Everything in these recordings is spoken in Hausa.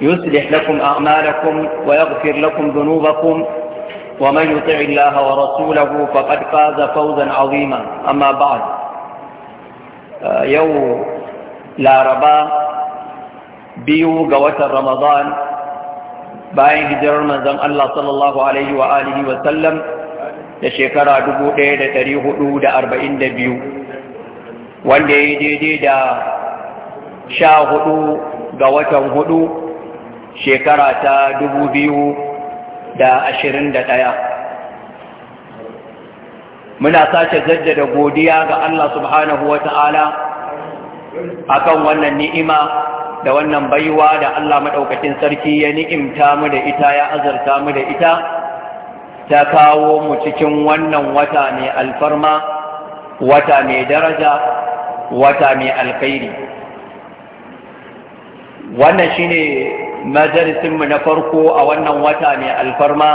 يصلح لكم أعمالكم ويغفر لكم ذنوبكم ومن يطع الله ورسوله فقد فاز فوزا عظيما أما بعد يو لا ربا بيو قوة رمضان bayan hijirar manzon Allah sallallahu alaihi wa alihi wa sallam da shekara 1442 wanda ya daidai da hudu ga watan hudu shekara ta dubu biyu da ashirin da ɗaya. muna sace jaddada godiya ga Allah subhanahu wa ta'ala akan wannan ni'ima da wannan baiwa da Allah maɗaukacin sarki ya ni'imta mu da ita ya azarta mu da ita ta kawo mu cikin wannan wata mai alfarma wata mai daraja wata mai alkhairi wannan shine majalisinmu na farko a wannan wata mai alfarma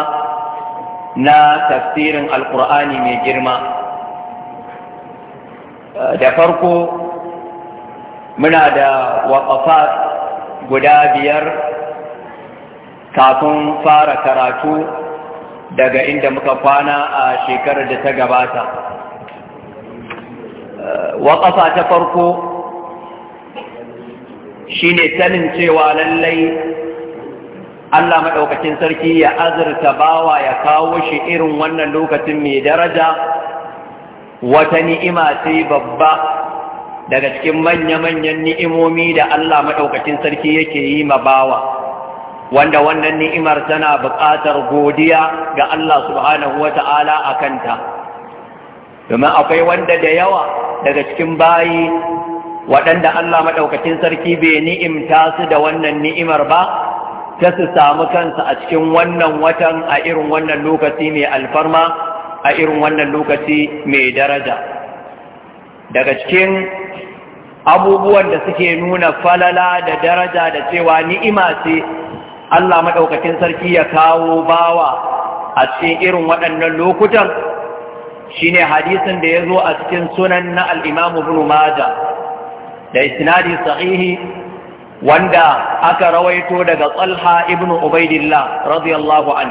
na tafsirin alkur'ani mai girma da farko muna da waƙafa guda biyar kafin fara karatu daga inda muka kwana a shekarar da ta gabata waƙafa ta farko shine sanin cewa lallai Allah maɗaukacin sarki ya azurta bawa ya kawo shi irin wannan lokacin mai daraja wata ni'ima sai babba daga cikin manya-manyan ni'imomi da Allah maɗaukacin sarki yake yi ma bawa wanda wannan ni'imar tana buƙatar godiya ga Allah subhanahu wa ta'ala a kanta domin akwai wanda da yawa daga cikin bayi waɗanda Allah maɗaukacin sarki bai ni'imta su da wannan ni'imar ba ta su samu kansa a cikin wannan watan a irin wannan lokaci mai alfarma a irin wannan lokaci mai daraja daga cikin abubuwan da suke nuna falala da daraja da cewa ni'ima ce Allah maɗaukacin sarki ya kawo bawa a cikin irin waɗannan lokutan shine hadisin da ya zo a cikin sunan na al'imamu bin Maja da isnadi sahihi wanda aka rawaito daga tsalha ibn ubaidillah radiyallahu an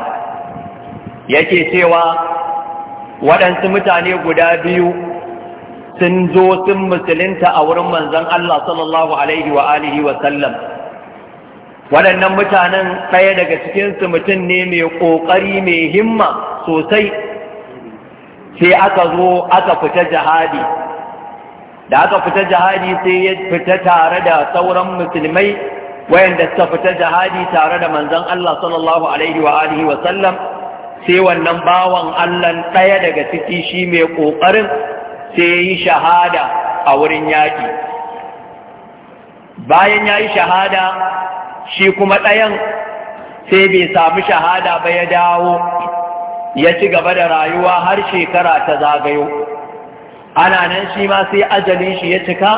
yake cewa waɗansu mutane guda biyu sun zo sun musulunta a wurin manzon Allah sallallahu alaihi wa alihi wa sallam waɗannan mutanen ɗaya daga cikinsu mutum ne mai ƙoƙari mai himma sosai sai aka zo aka fita jihadi da aka fita jihadi sai ya fita tare da sauran musulmai wayanda suka fita jihadi tare da manzon Allah sallallahu alaihi wa alihi wa sallam sai wannan bawan Allah ɗaya daga ciki shi mai ƙoƙarin sai yi shahada a wurin yaki. bayan yayi shahada shi kuma ɗayan sai bai samu shahada ba ya dawo ya ci gaba da rayuwa har shekara ta zagayo ana nan shi ma sai ajalin shi ya cika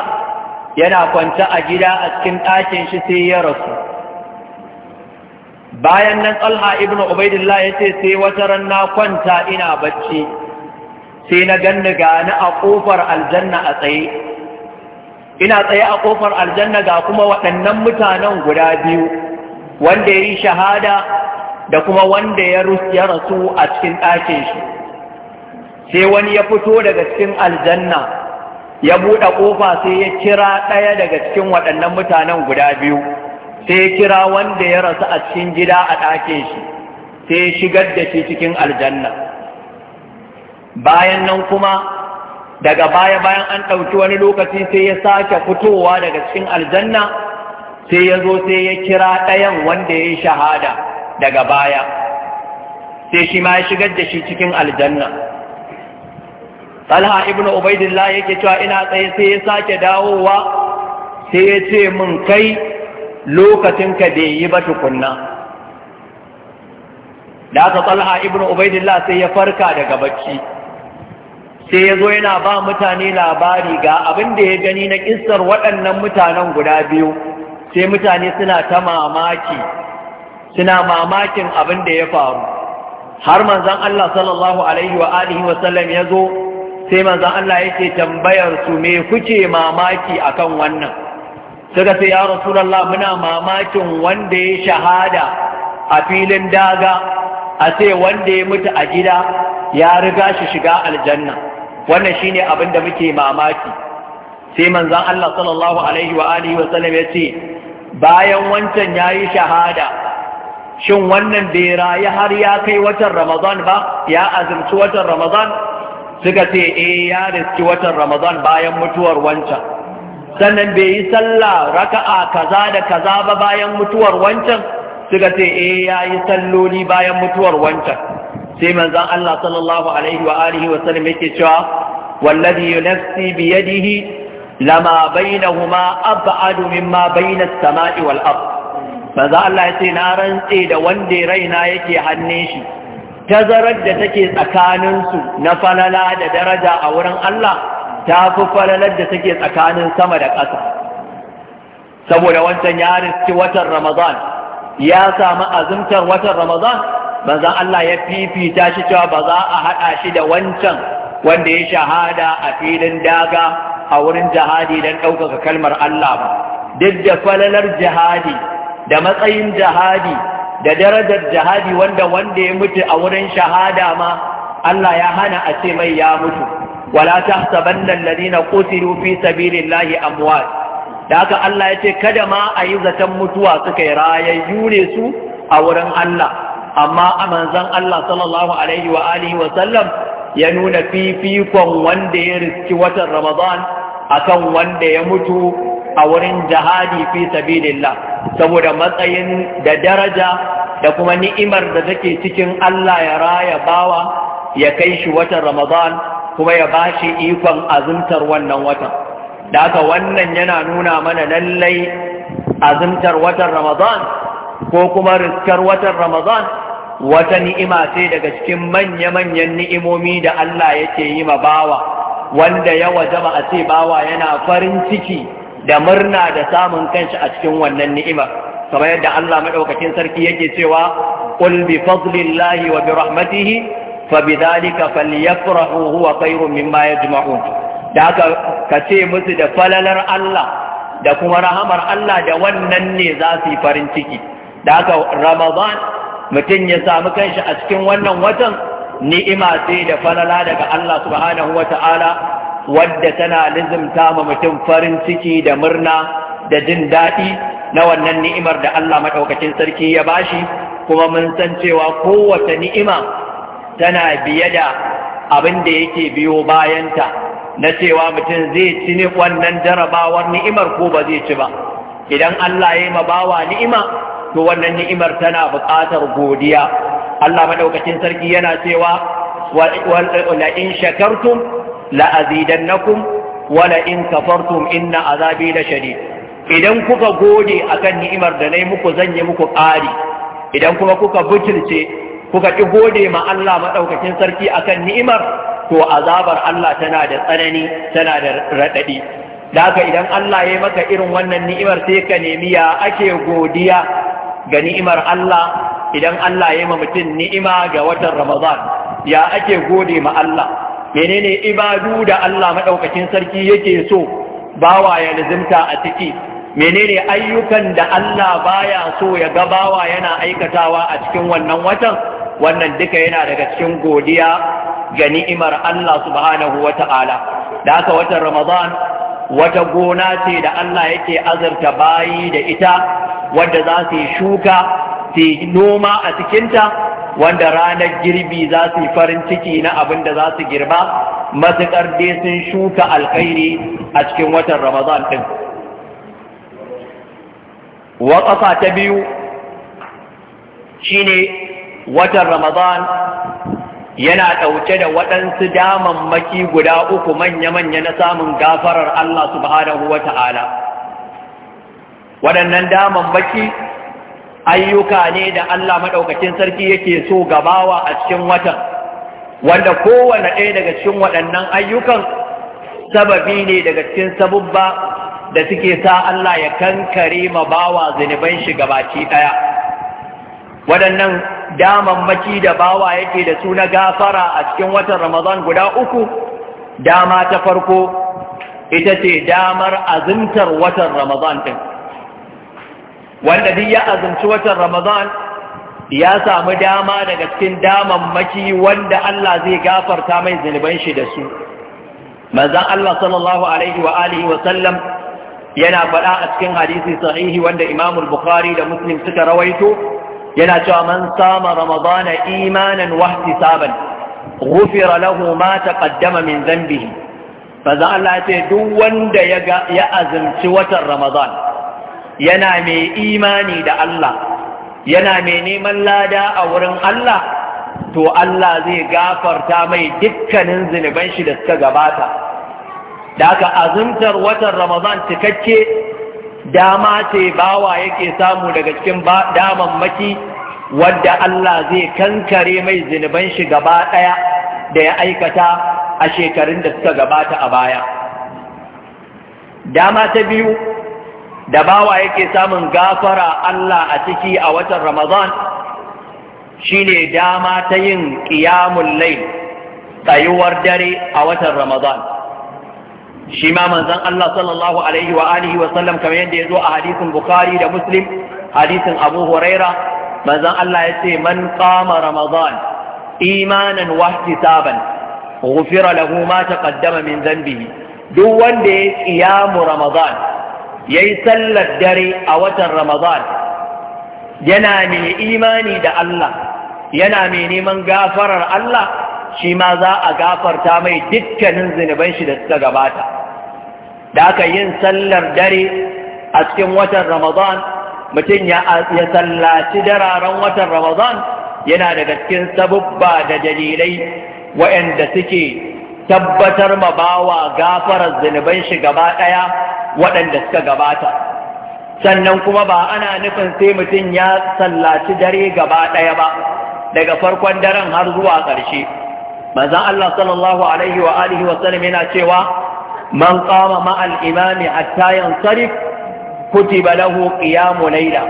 yana kwanta a gida a cikin ɗakin shi sai ya rasu bayan nan tsalha ibn ubaidillah ya ce sai wata ranna kwanta ina bacci sai na ganni gani a ƙofar aljanna a tsaye ina tsaye a ƙofar aljanna ga kuma waɗannan mutanen guda biyu wanda ya yi shahada da kuma wanda ya rasu a cikin ɗakin shi sai wani ya fito daga cikin aljanna ya buɗe ƙofa sai ya kira ɗaya daga cikin waɗannan mutanen guda biyu sai ya kira wanda ya rasu a cikin gida a ɗakin shi sai ya shigar da shi cikin aljanna bayan nan kuma daga baya bayan an ɗauki wani lokaci sai ya sake fitowa daga cikin aljanna sai ya zo sai ya kira ɗayan wanda ya yi shahada daga baya sai shi ma ya shigar da shi cikin aljanna talha ibn ubaidillah yake cewa ina tsaye sai ya sake dawowa sai ya ce min kai lokacinka bai yi ba tukunna da aka talha ibn ubaidillah sai ya farka daga bacci sai ya zo yana ba mutane labari ga abin da ya gani na kissar waɗannan mutanen guda biyu sai mutane suna ta mamaki suna mamakin abin da ya faru har manzon Allah sallallahu alaihi wa alihi wa sallam ya zo sai manzon Allah yake tambayar su me kuke mamaki akan wannan suka ce ya rasulullah muna mamakin wanda ya shahada a filin daga a ce wanda ya mutu a gida ya riga shi shiga aljanna wannan shine abin da muke mamaki sai manzon Allah sallallahu alaihi wa alihi wa sallam yace bayan wancan yayi shahada shin wannan bai rayu har ya kai watan Ramadan ba ya azumci watan Ramadan suka ce e ya riski watan ramadan bayan mutuwar wancan sannan bai yi sallah raka'a kaza da kaza ba bayan mutuwar wancan suka ce e ya yi salloli bayan mutuwar wancan sai manzon Allah sallallahu alaihi wa alihi wa sallam yake cewa wallazi nafsi bi yadihi lama bainahuma ab'adu mimma baina as-sama'i wal ard manzon Allah yace na rantse da wanda raina yake hannun shi tazarar da take tsakaninsu na falala da daraja a wurin Allah ta fi falalar da take tsakanin sama da ƙasa saboda wancan ya riski watan Ramadan ya samu azumtar watan Ramadan manzon Allah ya fifita shi cewa ba za a haɗa shi da wancan wanda ya shahada a filin daga a wurin jihadi don ɗaukaka kalmar Allah ba duk da falalar jihadi da matsayin jihadi da darajar jihadi wanda wanda ya mutu a wurin shahada ma Allah ya hana a ce mai ya mutu wala tahsabanna alladhina qutilu fi sabilillahi amwat da haka Allah ya ce kada ma a yi zaton mutuwa suka yi rayayyu ne su a wurin Allah amma a manzon Allah sallallahu alaihi wa alihi wa sallam ya nuna fifikon wanda ya riski watan Ramadan akan wanda ya mutu a wurin jihadi fi sabilillah saboda matsayin da daraja da kuma ni'imar da take cikin Allah ya raya bawa ya kai shi watan Ramadan kuma ya ba shi ikon azumtar wannan watan da haka wannan yana nuna mana lallai azumtar watan Ramadan ko kuma riskar watan Ramadan wata ni'ima ce daga cikin manya-manyan ni'imomi da Allah yake yi ma bawa wanda ya wajaba a ce bawa yana farin ciki da murna da samun kanshi a cikin wannan ni'ima kamar yadda Allah madaukakin sarki yake cewa qul bi fadlillahi wa bi rahmatihi fa bidhalika falyafrahu huwa khairun mimma yajma'un da haka kace musu da falalar Allah da kuma rahamar Allah da wannan ne za su yi farin ciki da haka Ramadan mutum ya samu kanshi a cikin wannan watan ni'ima sai da falala daga Allah subhanahu ta'ala. wadda tana lizimta ma mutum farin ciki da murna da jin daɗi na wannan ni'imar da Allah maɗaukacin sarki ya bashi kuma mun san cewa kowace ni'ima tana biye da abin da yake biyo bayanta na cewa mutum zai ci ne wannan jarabawar ni'imar ko ba zai ci ba idan Allah ya yi bawa ni'ima to wannan ni'imar tana buƙatar godiya Allah maɗaukacin sarki yana cewa wa in shakartum la'azidannakum wala in kafartum inna azabi na shari idan kuka gode akan ni'imar da nayi muku zanye muku ƙari idan kuma kuka butulce kuka ki gode ma Allah maɗaukacin sarki akan ni'imar to azabar Allah tana da tsanani tana da raɗaɗi haka idan Allah ya maka irin wannan ni'imar sai ka nemi ya ake godiya ga ni'imar Allah idan Allah ya ma mutum ni'ima ga watan Ramadan ya ake gode ma Allah menene ibadu da Allah madaukakin sarki yake so bawa ya lazimta a ciki menene ayyukan da Allah baya so ya ga bawa yana aikatawa a cikin wannan watan wannan duka yana daga cikin godiya ga ni'imar Allah subhanahu ta'ala da haka watan Ramadan wata gona ce da Allah yake azurta bayi da ita wadda za su yi shuka su noma a cikinta wanda ranar girbi za su yi farin ciki na abin da za su girba matuƙar dai sun shuka alkhairi a cikin watan ramazan ɗin waƙafa ta biyu shine watan ramazan yana ɗauke da waɗansu damammaki guda uku manya-manya na samun gafarar Allah subhanahu wa ta'ala waɗannan damammaki ayyuka ne da Allah maɗaukacin sarki yake so gabawa a cikin watan wanda kowane ɗaya daga cikin waɗannan ayyukan sababi ne daga cikin sabubba da suke sa Allah ya kankare ma bawa zunuban shi gabaci ɗaya waɗannan damammaki da bawa yake da su na gafara a cikin watan Ramadan guda uku dama ta farko ita ce damar azimtar watan Ramadan ɗin wanda duk ya azumci watan Ramadan ya samu dama daga cikin damammaki wanda Allah zai gafarta mai zunuban shi da su manzon Allah sallallahu alaihi wa alihi wa sallam yana faɗa a cikin hadisi sahihi wanda Imam Bukhari da Muslim suka rawaito yana cewa man sama Ramadana imanan wa ihtisaban ghufira lahu ma taqaddama min dhanbihi manzon Allah ya ce duk wanda ya azumci watan Ramadan yana mai imani da Allah yana mai neman lada a wurin Allah to Allah zai gafarta mai dukkanin zunuban shi da suka gabata da aka azumtar watan Ramadan cikakke dama ce bawa yake samu daga cikin damammaki wadda Allah zai kankare mai zunuban shi gaba ɗaya da ya aikata a shekarun da suka gabata a baya dama ta biyu da bawa yake samun gafara Allah a ciki a watan Ramadan shine dama ta yin qiyamul layl tsayuwar dare a watan Ramadan shi ma manzan Allah sallallahu alaihi wa alihi wa sallam kamar yadda zo a hadisin Bukhari da Muslim hadisin Abu Huraira manzan Allah ce man qama Ramadan imanan wa ihtisaban غفر له ما تقدم من ذنبه duk wanda ya qiyamu Ramadan ya yi sallar dare a watan Ramadan yana mai imani da Allah yana mai neman gafarar Allah shi ma za a gafarta mai dukkanin zunuban shi da suka gabata da aka yin sallar dare a cikin watan Ramadan mutum ya sallaci dararen watan Ramadan yana daga cikin sabubba da dalilai waɗanda suke tabbatar ma bawa gafarar zunuban shi gaba ɗaya waɗanda suka gabata sannan kuma ba ana nufin sai mutum ya sallaci dare gaba ɗaya ba daga farkon daren har zuwa ƙarshe manzon Allah sallallahu alaihi wa alihi wa sallam yana cewa man qama ma'al imami hatta yansarif kutiba lahu qiyamu layla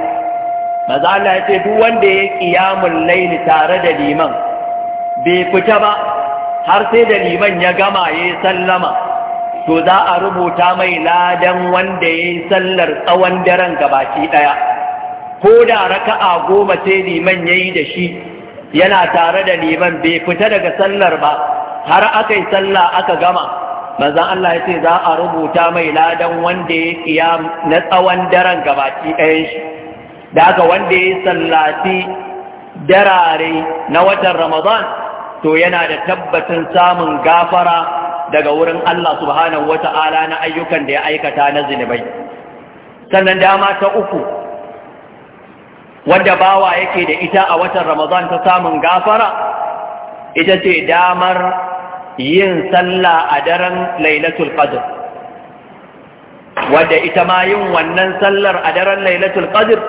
manzon Allah ya ce duk wanda ya qiyamul layli tare da liman bai fita ba har sai da liman ya gama ya sallama to za a rubuta mai ladan wanda ya yi sallar tsawon daren gabaki ɗaya ko da raka'a goma sai liman ya yi da shi yana tare da liman bai fita daga sallar ba har aka yi sallah aka gama manzan Allah ya ce za a rubuta mai ladan wanda ya kiyam na tsawon daren gabaki ɗayan shi da aka wanda ya yi sallati darare na watan ramadan to yana da tabbacin samun gafara daga wurin Allah subhanahu wata'ala na ayyukan da ya aikata na zinubai sannan dama ta uku wanda bawa yake da ita a watan Ramadan ta samun gafara ita ce damar yin sallah a daren Lailatul Qadr wanda ita ma yin wannan sallar a daren Lailatul Qadr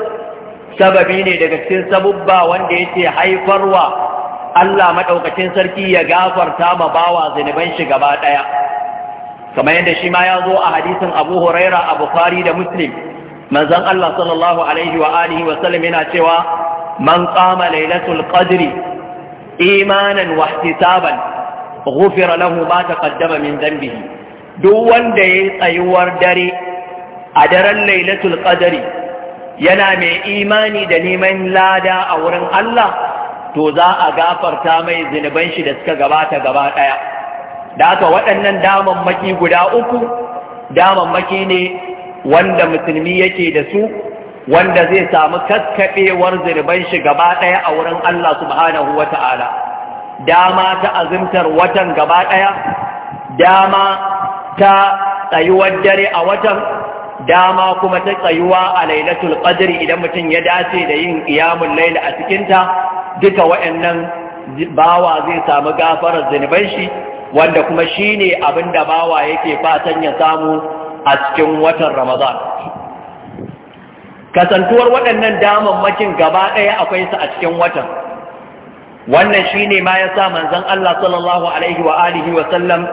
sababi ne daga cikin sabubba wanda yake haifarwa Allah maɗaukacin sarki ya gafarta ma bawa zunuban shi gaba ɗaya kamar yadda shi ma ya zo a hadisin Abu Huraira a Bukhari da Muslim manzon Allah sallallahu alaihi wa alihi wa sallam yana cewa man qama lailatul qadri imanan wa ihtisaban ghufira lahu ma taqaddama min dhanbihi duk wanda ya tsayuwar dare a daren lailatul qadri yana mai imani da neman lada a wurin Allah to za a gafarta mai zunuban shi da suka gabata gaba ɗaya da haka waɗannan damammaki guda uku damammaki ne wanda musulmi yake da su wanda zai samu kaskaɓewar zunuban shi gaba ɗaya a wurin Allah subhanahu wa ta'ala dama ta azumtar watan gaba ɗaya dama ta tsayuwar dare a watan dama kuma ta tsayuwa a lailatul Qadri idan mutum ya dace da yin qiyamul layl a cikin ta duka waɗannan bawa zai samu gafarar zunuban shi wanda kuma shine abinda bawa yake fatan ya samu a cikin watan Ramadan kasantuwar waɗannan damammakin gaba ɗaya akwai su a cikin watan wannan shine ma ya yasa manzon Allah sallallahu alaihi wa alihi wa sallam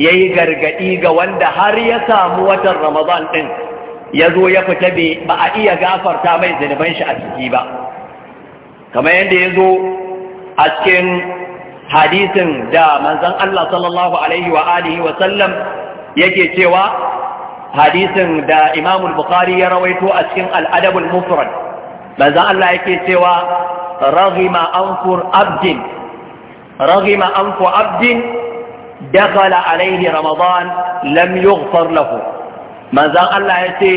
ya yi gargaɗi ga wanda har ya samu watan ramadan ɗin ya zo ya fita ba a iya gafarta mai zunuban shi a ciki ba kamar yadda ya zo a cikin hadisin da manzan Allah sallallahu alaihi wa alihi wa sallam yake cewa hadisin da imamul bukhari ya rawaito a cikin al'adabul mufrad manzan Allah yake cewa raghima anfur abdin raghima anfu abdin dakhala alaihi ramadan lam yughfar lahu Manzan Allah ya ce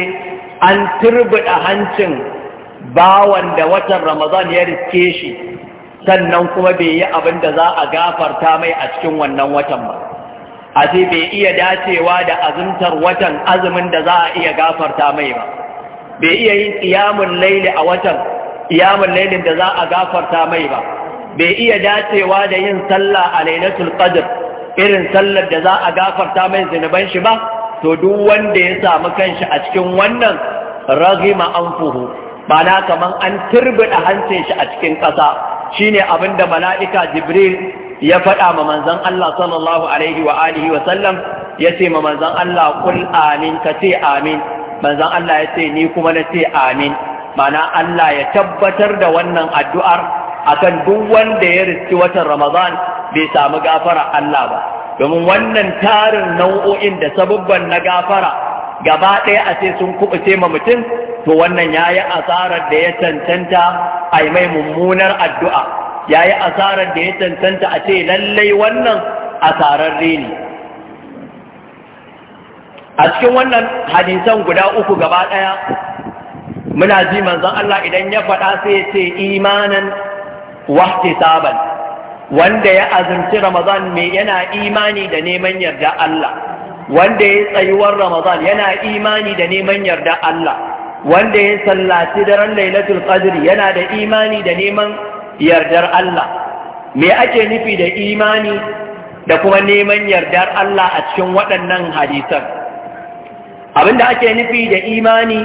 an turbuda hancin bawan da watan ramadan ya riske shi sannan kuma bai yi abin da za a gafarta mai a cikin wannan watan ba a ce bai iya dacewa da azumtar watan azumin da za a iya gafarta mai ba bai iya yin iyamun laili a watan iyamun lailin da za a gafarta mai ba bai iya dacewa da yin sallah a lailatul qadr irin sallar da za a gafarta mai zinuban shi ba to duk wanda ya samu kanshi a cikin wannan raghima anfuhu bana kamar an turbida hancin shi a cikin ƙasa shine abinda mala'ika jibril ya faɗa ma manzan Allah sallallahu alaihi wa alihi wa sallam yace ma manzan Allah kul amin kace amin manzan Allah yace ni kuma nace amin mana Allah ya tabbatar da wannan addu'ar akan duk wanda ya riski watan Ramadan bai samu gafara Allah ba domin wannan tarin nau'o'in da sabubban na gafara gaba ɗaya a ce sun kubuce ma mutum to wannan ya yi asarar da ya cancanta a yi mai mummunar addu'a ya yi asarar da ya cancanta a ce lallai wannan asarar ne a cikin wannan hadisan guda uku gaba ɗaya muna ji manzon Allah idan ya faɗa sai ce imanan saban wanda ya azumci Ramadan mai yana imani da neman yarda Allah wanda ya tsayuwar Ramadan yana imani da neman yarda Allah wanda ya sallaci daren Lailatul Qadr yana da imani da neman yardar Allah me ake nufi da imani da kuma neman yardar Allah a cikin waɗannan hadisan abinda ake nufi da imani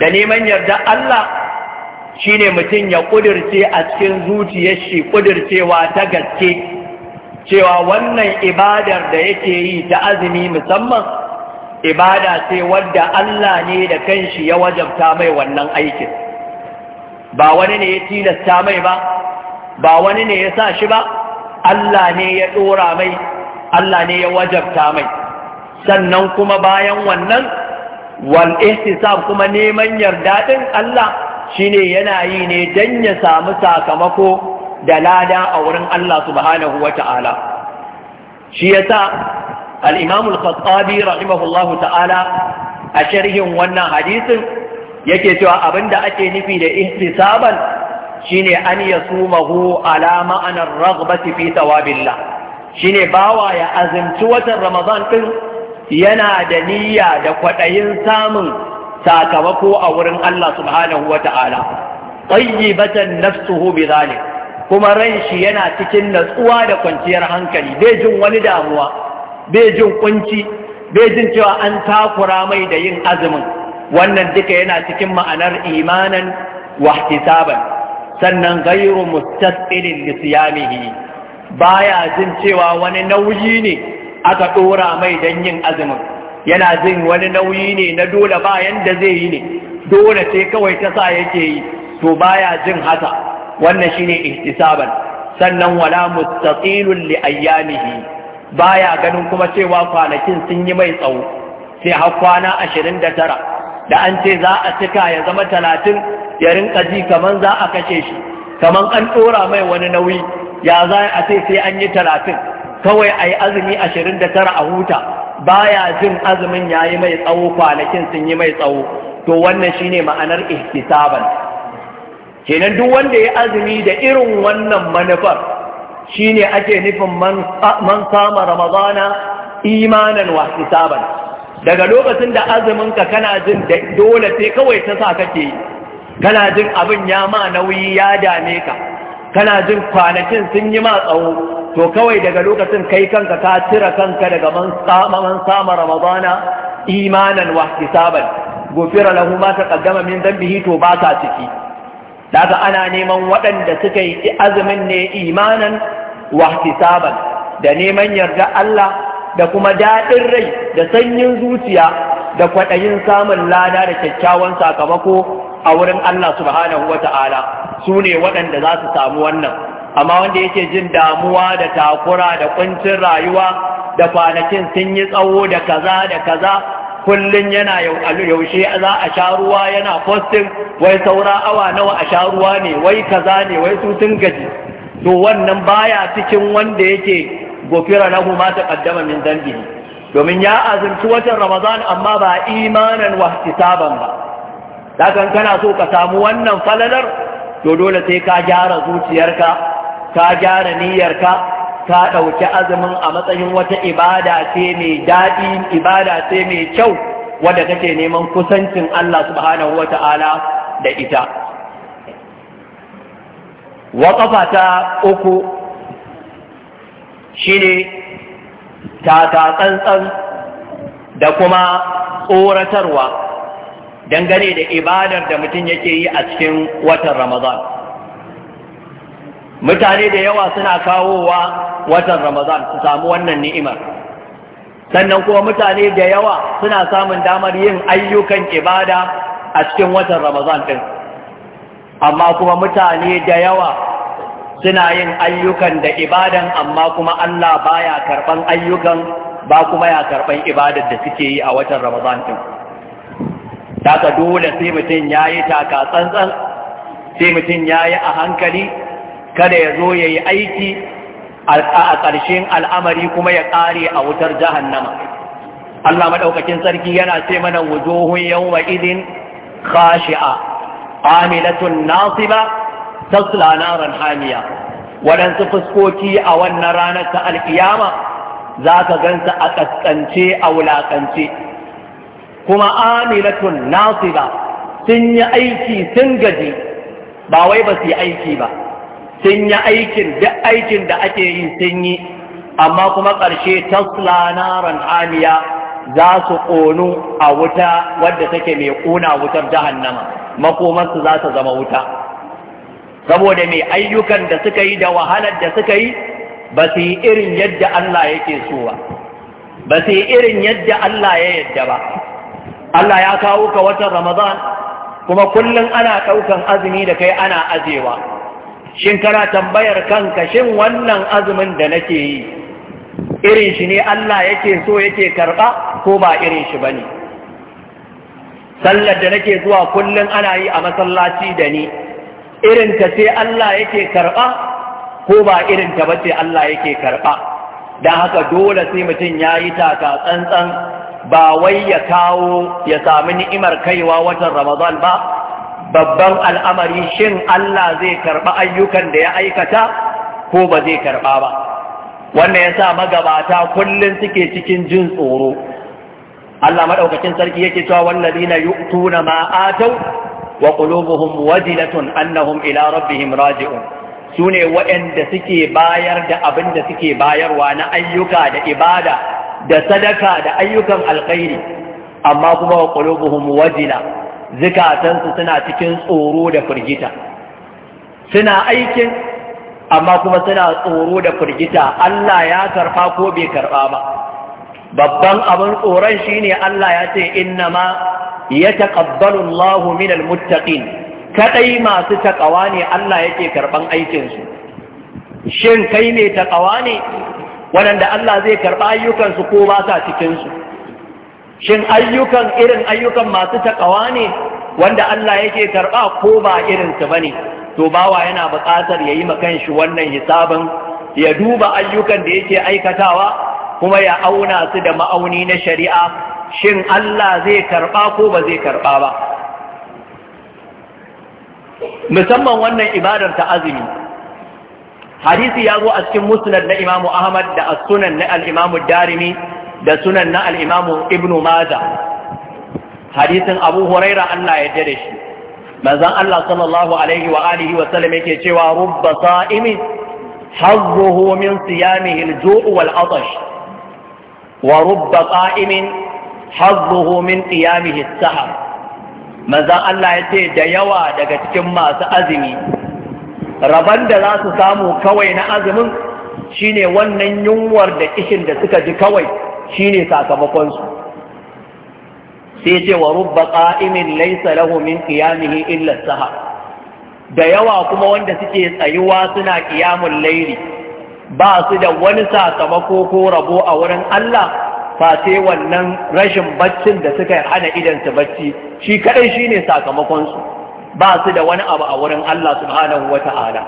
da neman yardar Allah shine mutum ya kudirce a cikin zuciyar shi kudircewa ta gaske cewa wannan ibadar da yake yi ta azumi musamman ibada ce wadda Allah ne da kanshi ya wajabta mai wannan aikin ba wani ne ya tilasta mai ba ba wani ne ya sa shi ba Allah ne ya dora mai Allah ne ya wajabta mai sannan kuma bayan wannan wal ihtisab kuma neman yarda Allah shine yana yi ne dan ya samu sakamako da lada a wurin Allah subhanahu ta'ala. shi yasa al Al'imamul al rahimahullahu ta'ala a sharhin wannan hadisin yake cewa abinda ake nufi da ihtisaban shine an sumahu ala ma'anar raghbati fi thawabillah shine bawa ya azumci watan Ramadan ɗin. yana da niyya da kwaɗayin samun sakamako a wurin Allah subhanahu wa ta'ala tayyibatan nafsuhu ne. kuma ran shi yana cikin natsuwa da kwanciyar hankali bai jin wani damuwa bai jin kunci bai jin cewa an takura mai da yin azumin wannan duka yana cikin ma'anar imanan wa ihtisaban sannan ghayru mustasqilin li siyamihi baya jin cewa wani nauyi ne aka ɗora mai don yin azumin yana jin wani nauyi ne na dole ba yanda zai yi ne dole ce kawai ta sa yake yi to baya jin haka wannan shine ihtisaban sannan wala mustatilun li ayyamihi baya ganin kuma cewa kwanakin sun yi mai tsawo sai har kwana 29 da an ce za a cika ya zama 30 ya rinka ji kaman za a kashe shi kaman an dora mai wani nauyi ya za a ce sai an yi 30 kawai a yi azumi ashirin da tara a huta baya jin azumin ya yi mai tsawo kwanakin sun yi mai tsawo to wannan shine ma'anar ihtisaban kenan duk wanda ya azumi da irin wannan manufar shine ake nufin man kama ramadana imanan wa ihtisaban daga lokacin da azumin ka kana jin da dole sai kawai ta sa kake kana jin abin ya ma nauyi ya dame ka kana jin kwanakin sun yi ma tsawo to kawai daga lokacin kai kanka ka cire kanka daga man sama ramadana imanan wa hisaban gufira lahu ma ta kaddama min dambihi to ba ta ciki daga ana neman waɗanda suka yi azumin ne imanan wa hisaban da neman yarda Allah da kuma daɗin rai da sanyin zuciya da kwaɗayin samun lada da kyakkyawan sakamako a wurin Allah subhanahu wa ta'ala su ne waɗanda za su samu wannan amma wanda yake jin damuwa da takura da ƙuncin rayuwa da kwanakin sun yi tsawo da kaza da kaza kullum yana yaushe za a sha ruwa yana fostin, wai saura awa nawa a sha ruwa ne wai kaza ne wai su sun gaji to wannan baya cikin wanda yake gofira nahu, ma taqaddama min dhanbihi domin ya azumci watan ramadan amma ba imanan wa ihtisaban ba dakan kana so ka samu wannan falalar to dole sai ka gyara zuciyarka ka gyara niyyarka ka dauki azumin a matsayin wata ibada ce mai daɗi ibada ce mai kyau wadda kake neman kusancin Allah subhanahu wata'ala da ita waƙafa ta uku shine taka tsantsan da kuma tsoratarwa dangane da ibadar da mutum yake yi a cikin watan Ramadan. Mutane da yawa suna kawowa watan Ramadan su samu wannan ni'imar. Sannan kuma mutane da yawa suna samun damar yin ayyukan ibada a cikin watan Ramadan ɗin. Amma kuma mutane da yawa suna yin ayyukan da ibadan amma kuma Allah baya karban ayyukan ba kuma ya karban ibadar da suke yi a watan Ramadan din daga dole sai mutum yayi taka tsantsan sai mutum yayi a hankali kada ya zo yayi aiki a ƙarshen al'amari kuma ya ƙare a wutar jahannama Allah madaukakin sarki yana ce mana wujuhun yawma idin khashi'a amilatun nasiba tasla naran hamiya waɗansu fuskoki a wannan ranar ta alkiyama za ka gansa a ƙasƙance a wulaƙance kuma amilatun nasiba sun yi aiki sun gaji ba wai ba su yi aiki ba sun yi aikin duk aikin da ake yi sun yi amma kuma ƙarshe tasla naran hamiya za su ƙonu a wuta wadda take mai ƙuna wutar jahannama makomarsu za ta zama wuta saboda mai ayyukan da suka yi da wahalar da suka yi ba su yi irin yadda Allah yake so ba ba su yi irin yadda Allah ya yadda ba Allah ya kawo ka watan Ramadan kuma kullum ana ɗaukan azumi da kai ana ajewa shin kana tambayar kanka shin wannan azumin da nake yi irin shi ne Allah yake so yake karɓa ko ba irin shi ba ne sallar da nake zuwa kullum ana yi a masallaci da ni irin ta ce Allah yake karɓa ko ba irin ta bace Allah yake karɓa Don haka dole sai mutum ya yi taka tsantsan ba wai ya kawo ya sami ni'imar kaiwa watan Ramadan ba babban al'amari shin Allah zai karɓa ayyukan da ya aikata ko ba zai karɓa ba wannan ya sa magabata kullum suke cikin jin tsoro Allah maɗaukacin sarki yake cewa wallazina yu'tuna ma atau wa qulubuhum wajilatun annahum ila rabbihim raji'un sune waɗanda suke bayar da abin suke bayarwa na ayyuka da ibada da sadaka da ayyukan alkhairi amma kuma wa qulubuhum wajila zikatansu suna cikin tsoro da firgita suna aikin amma kuma suna tsoro da firgita Allah ya karfa ko bai karfa ba babban abin tsoron shine Allah ya ce innama Ya Allahu minal muttaqin Kaɗai masu taƙawa ne Allah yake karɓan aikinsu. shin kai ne taƙawa ne waɗanda Allah zai karɓa ayyukansu ko ba sa cikinsu shin ayyukan irin ayyukan masu taƙawa ne wanda Allah yake karɓa ko ba irinsu ba ne to bawa yana buƙatar ya yi makanshi wannan hisabin ya duba ayyukan da yake aikatawa kuma ya auna su da ma'auni na shari'a shin Allah zai karɓa ko ba zai karɓa ba musamman wannan ibadar ta azumi hadisi ya zo a cikin musnad na imamu ahmad da a sunan na al darimi da sunan na al Ibn ibnu maza hadisin abu huraira Allah ya da shi manzon Allah sallallahu alaihi wa alihi wa sallam yake cewa rubba sa'imin hazzuhu min siyamihi al-ju' wal wa Rubba Sa'imin. hazzuhu min qiyamihi sahar Allah ya ce da yawa daga cikin masu azumi rabon da za su samu kawai na azumin shine wannan yunwar da kishin da suka ji kawai shine sakamakonsu sai ce wa rubba qa'imin laysa lahu min qiyamihi illa sahar da yawa kuma wanda suke tsayuwa suna qiyamul layli ba su da wani sakamako ko rabo a wurin Allah face wannan rashin baccin da suka yi hana idansu bacci shi kadai shine sakamakonsu ba su da wani abu a wurin Allah subhanahu wa ta'ala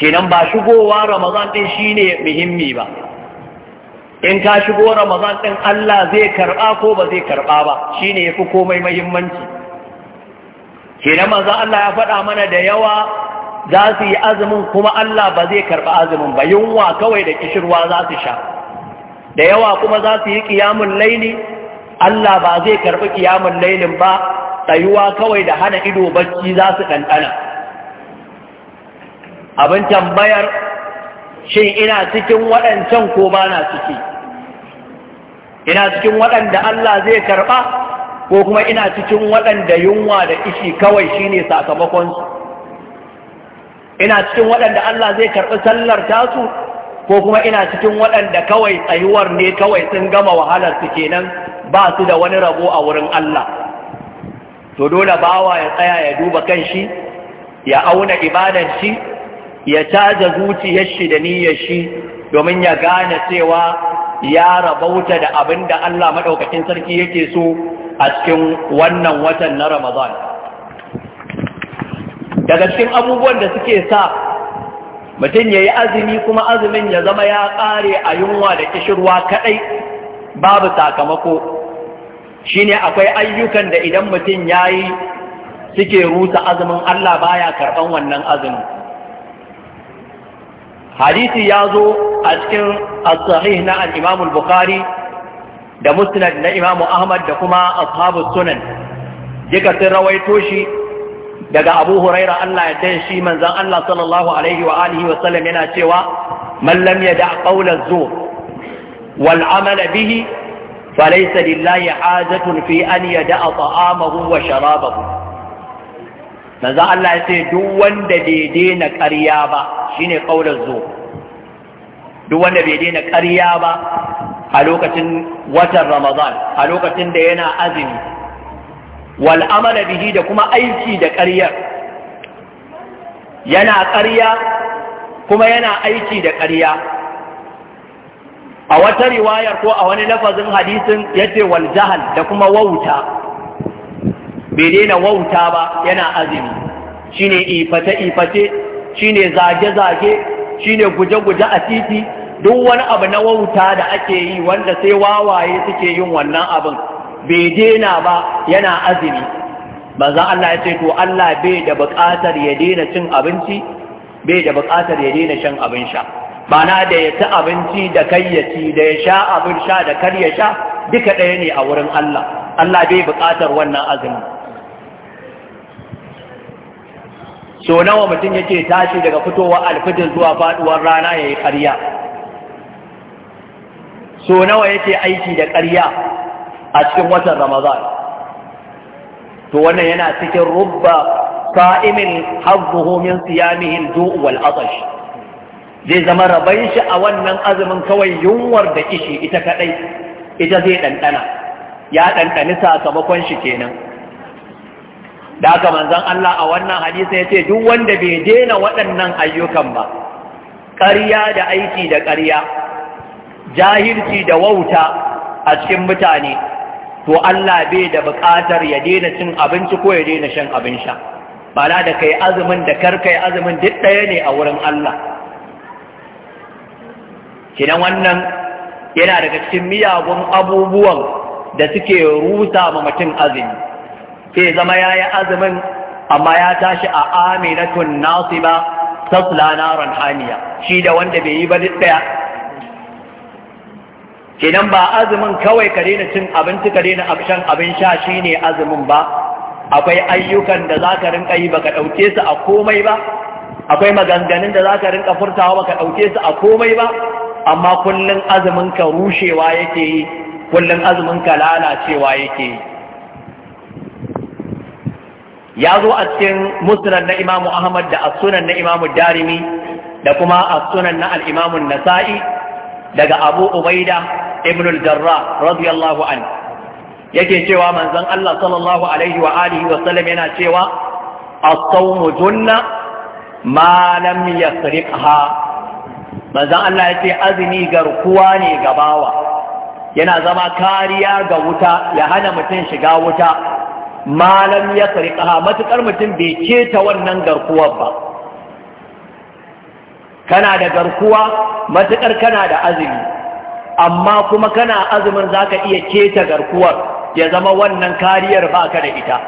kenan ba shigowa ramazan din shine muhimmi ba in ka shigo ramazan din Allah zai karba ko ba zai karba ba shine yafi komai muhimmanci kenan manzo Allah ya faɗa mana da yawa za su yi azumin kuma Allah ba zai karba azumin ba yunwa kawai da kishirwa za su sha da yawa kuma za su yi ƙiyamun laili Allah ba zai karɓi ƙiyamun lailin ba tsayuwa kawai da hana ido bacci za su ɗanɗana abin tambayar shi ina cikin waɗancan ko ba na ciki ina cikin waɗanda Allah zai karɓa ko kuma ina cikin waɗanda yunwa da ishi kawai shine sakamakonsu ina cikin waɗanda Allah zai karɓi sallar tasu ko kuma ina cikin waɗanda kawai tsayuwar ne kawai sun gama wahalar su kenan ba su da wani rabo a wurin Allah to dole bawa ya tsaya ya duba kan shi, ya auna ibadar shi ya caja zuciyar shi da niyyar shi domin ya gane cewa ya rabauta da abin da Allah maɗaukakin sarki yake so a cikin wannan watan na Ramadan daga cikin abubuwan da suke sa mutum ya yi azumi kuma azumin ya zama ya ƙare a yunwa da kishirwa kaɗai babu sakamako shi ne akwai ayyukan da idan mutum ya yi suke rusa azumin Allah ba ya karɓan wannan azumin hadisi ya zo a cikin al sahih na al bukhari da musnad na imamu ahmad da kuma ashabu sunan duka sun rawaito shi daga Abu Huraira Allah ya taya shi manzan. Allah sallallahu alaihi wa alihi wa sallam yana cewa man lam yada qawla zur wal amal bihi falaysa lillahi hajatun fi an yada ta'amahu wa sharabahu manzon Allah ya ce duk wanda bai daina ƙarya ba shine qawla zur duk wanda bai daina ƙarya ba a lokacin watan Ramadan a lokacin da yana azumi Wal'amala, bihi da kuma aiki da ƙaryar yana ƙarya kuma yana aiki da ƙarya a wata riwayar ko a wani lafazin hadisin ce wal jahal da kuma wauta bai daina wauta ba yana azumi ne ifate ifate ne zage zage shi ne guje guje a titi duk wani abu na wauta da ake yi wanda sai wawaye suke yin wannan abin bai dena ba yana azumi manzon Allah ya ce to Allah bai da buƙatar ya dena cin abinci bai da buƙatar ya dena shan abin sha bana da ya ci abinci da kai ya ci da ya sha abin sha da kar ya sha duka ɗaya ne a wurin Allah Allah bai buƙatar wannan azumi so nawa mutum yake tashi daga fitowa alfijir zuwa faduwar rana ya yi ƙarya so nawa yake aiki da ƙarya a cikin watan Ramadan to wannan yana cikin rubba ka'imin hazzuhu min siyamihi al wal atash zai zama rabai shi a wannan azumin kawai yunwar da kishi ita kadai ita zai dandana ya dandani sakamakon shi kenan da haka manzon Allah a wannan hadisi yace duk wanda bai dena waɗannan ayyukan ba ƙarya da aiki da ƙarya jahilci da wauta a cikin mutane to Allah bai da buƙatar ya daina cin abinci ko ya daina shan abin sha bala da kai azumin da kar azumin duk ɗaya ne a wurin Allah kidan wannan yana daga cikin miyagun abubuwan da suke rusa ma mutum azumi sai zama yayi azumin amma ya tashi a aminatun nasiba tasla naran hamiya shi da wanda bai yi ba duk ɗaya kenan ba azumin kawai ka daina cin abinci ka daina shan abin sha shine azumin ba akwai ayyukan da za ka rinka yi baka ɗauke su a komai ba akwai maganganun da za ka rinka furtawa baka ɗauke su a komai ba amma kullum azumin ka rushewa yake yi kullum azumin ka lalacewa yake yi ya zo a cikin musnad na imamu ahmad da as-sunan na imamu darimi da kuma as-sunan na al-imamu nasa'i daga abu ubaida ibn al-jarra radiyallahu an yake cewa manzon Allah sallallahu alaihi wa alihi wa sallam yana cewa as-sawmu junna ma lam yasriqha manzon Allah yace azumi garkuwa ne ga bawa yana zama kariya ga wuta ya hana mutum shiga wuta malam ya tsarikaha matukar mutum bai keta wannan garkuwar ba kana da garkuwa matukar kana da azumi amma kuma kana azumin za ka iya keta garkuwar ya zama wannan kariyar ba ka da ita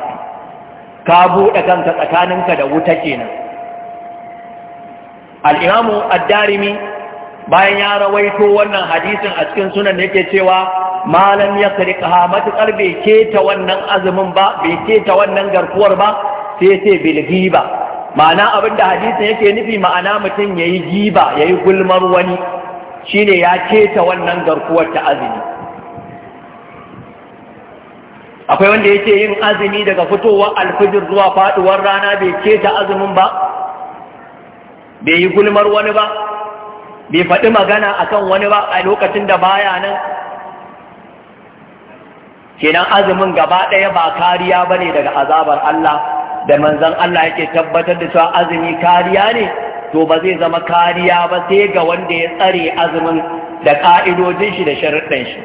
ka buɗe kanka tsakaninka da wuta kenan nan. imamu bayan ya rawaito wannan hadisin a cikin sunan yake cewa malam ya karika matuƙar bai keta wannan azumin ba bai keta wannan garkuwar ba sai ce bil giba ma'ana abinda da hadisin yake nufi ma'ana mutum ya yi giba ya yi gulmar wani Shi ne ya keta wannan garkuwar ta azumi akwai wanda ya ce yin azumi daga fitowar alfijir zuwa faduwar rana bai keta azumin ba bai yi gulmar wani ba bai faɗi magana akan wani ba a lokacin da baya nan kenan azumin gaba ɗaya ba kariya ba ne daga azabar Allah da manzon Allah yake tabbatar da cewa azumi kariya ne to ba zai zama kariya ba sai ga wanda ya tsare azumin da ƙa'idojin shi da sharuɗin shi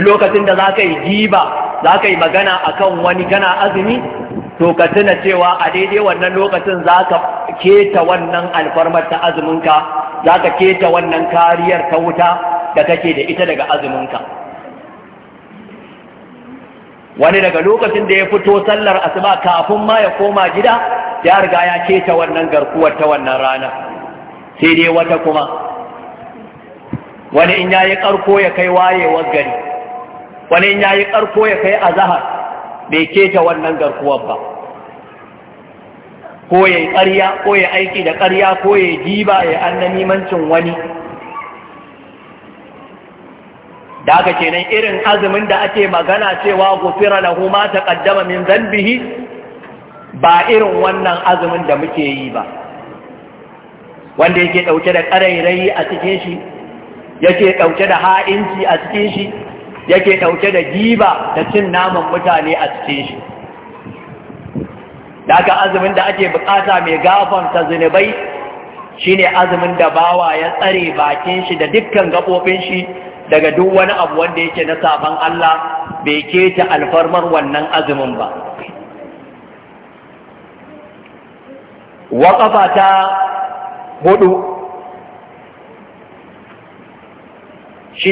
duk lokacin da za ka yi giba za ka yi magana a kan wani kana azumi to ka tuna cewa a daidai wannan lokacin za ka keta wannan alfarmar ta azuminka za ka keta wannan kariyar ta wuta da kake da ita daga azuminka wani daga lokacin da ya fito sallar asuba kafin ma ya koma gida ya riga ya keta wannan garkuwar ta wannan rana sai dai wata kuma wani in yayi karko ya kai wayewar gari wani in yayi karko ya kai azhar bai keta wannan garkuwar ba ko yayi ƙarya ko ya aiki da ƙarya ko yi jiba yayi annamimancin wani da ce kenan irin azumin da ake magana cewa gufira lahu ma taqaddama min dhanbihi ba irin wannan azumin da muke yi ba wanda yake ɗauke da karairayi a cikin shi yake dauke da ha'inci a cikin shi yake ɗauke da giba da cin naman mutane a cikin shi da aka azumin da ake bukata mai ta zunubai shine azumin da bawa ya tsare bakin shi da dukkan gabobin shi daga duk wani abu wanda yake na saban Allah bai keta alfarmar wannan azumin ba waƙafa ta hudu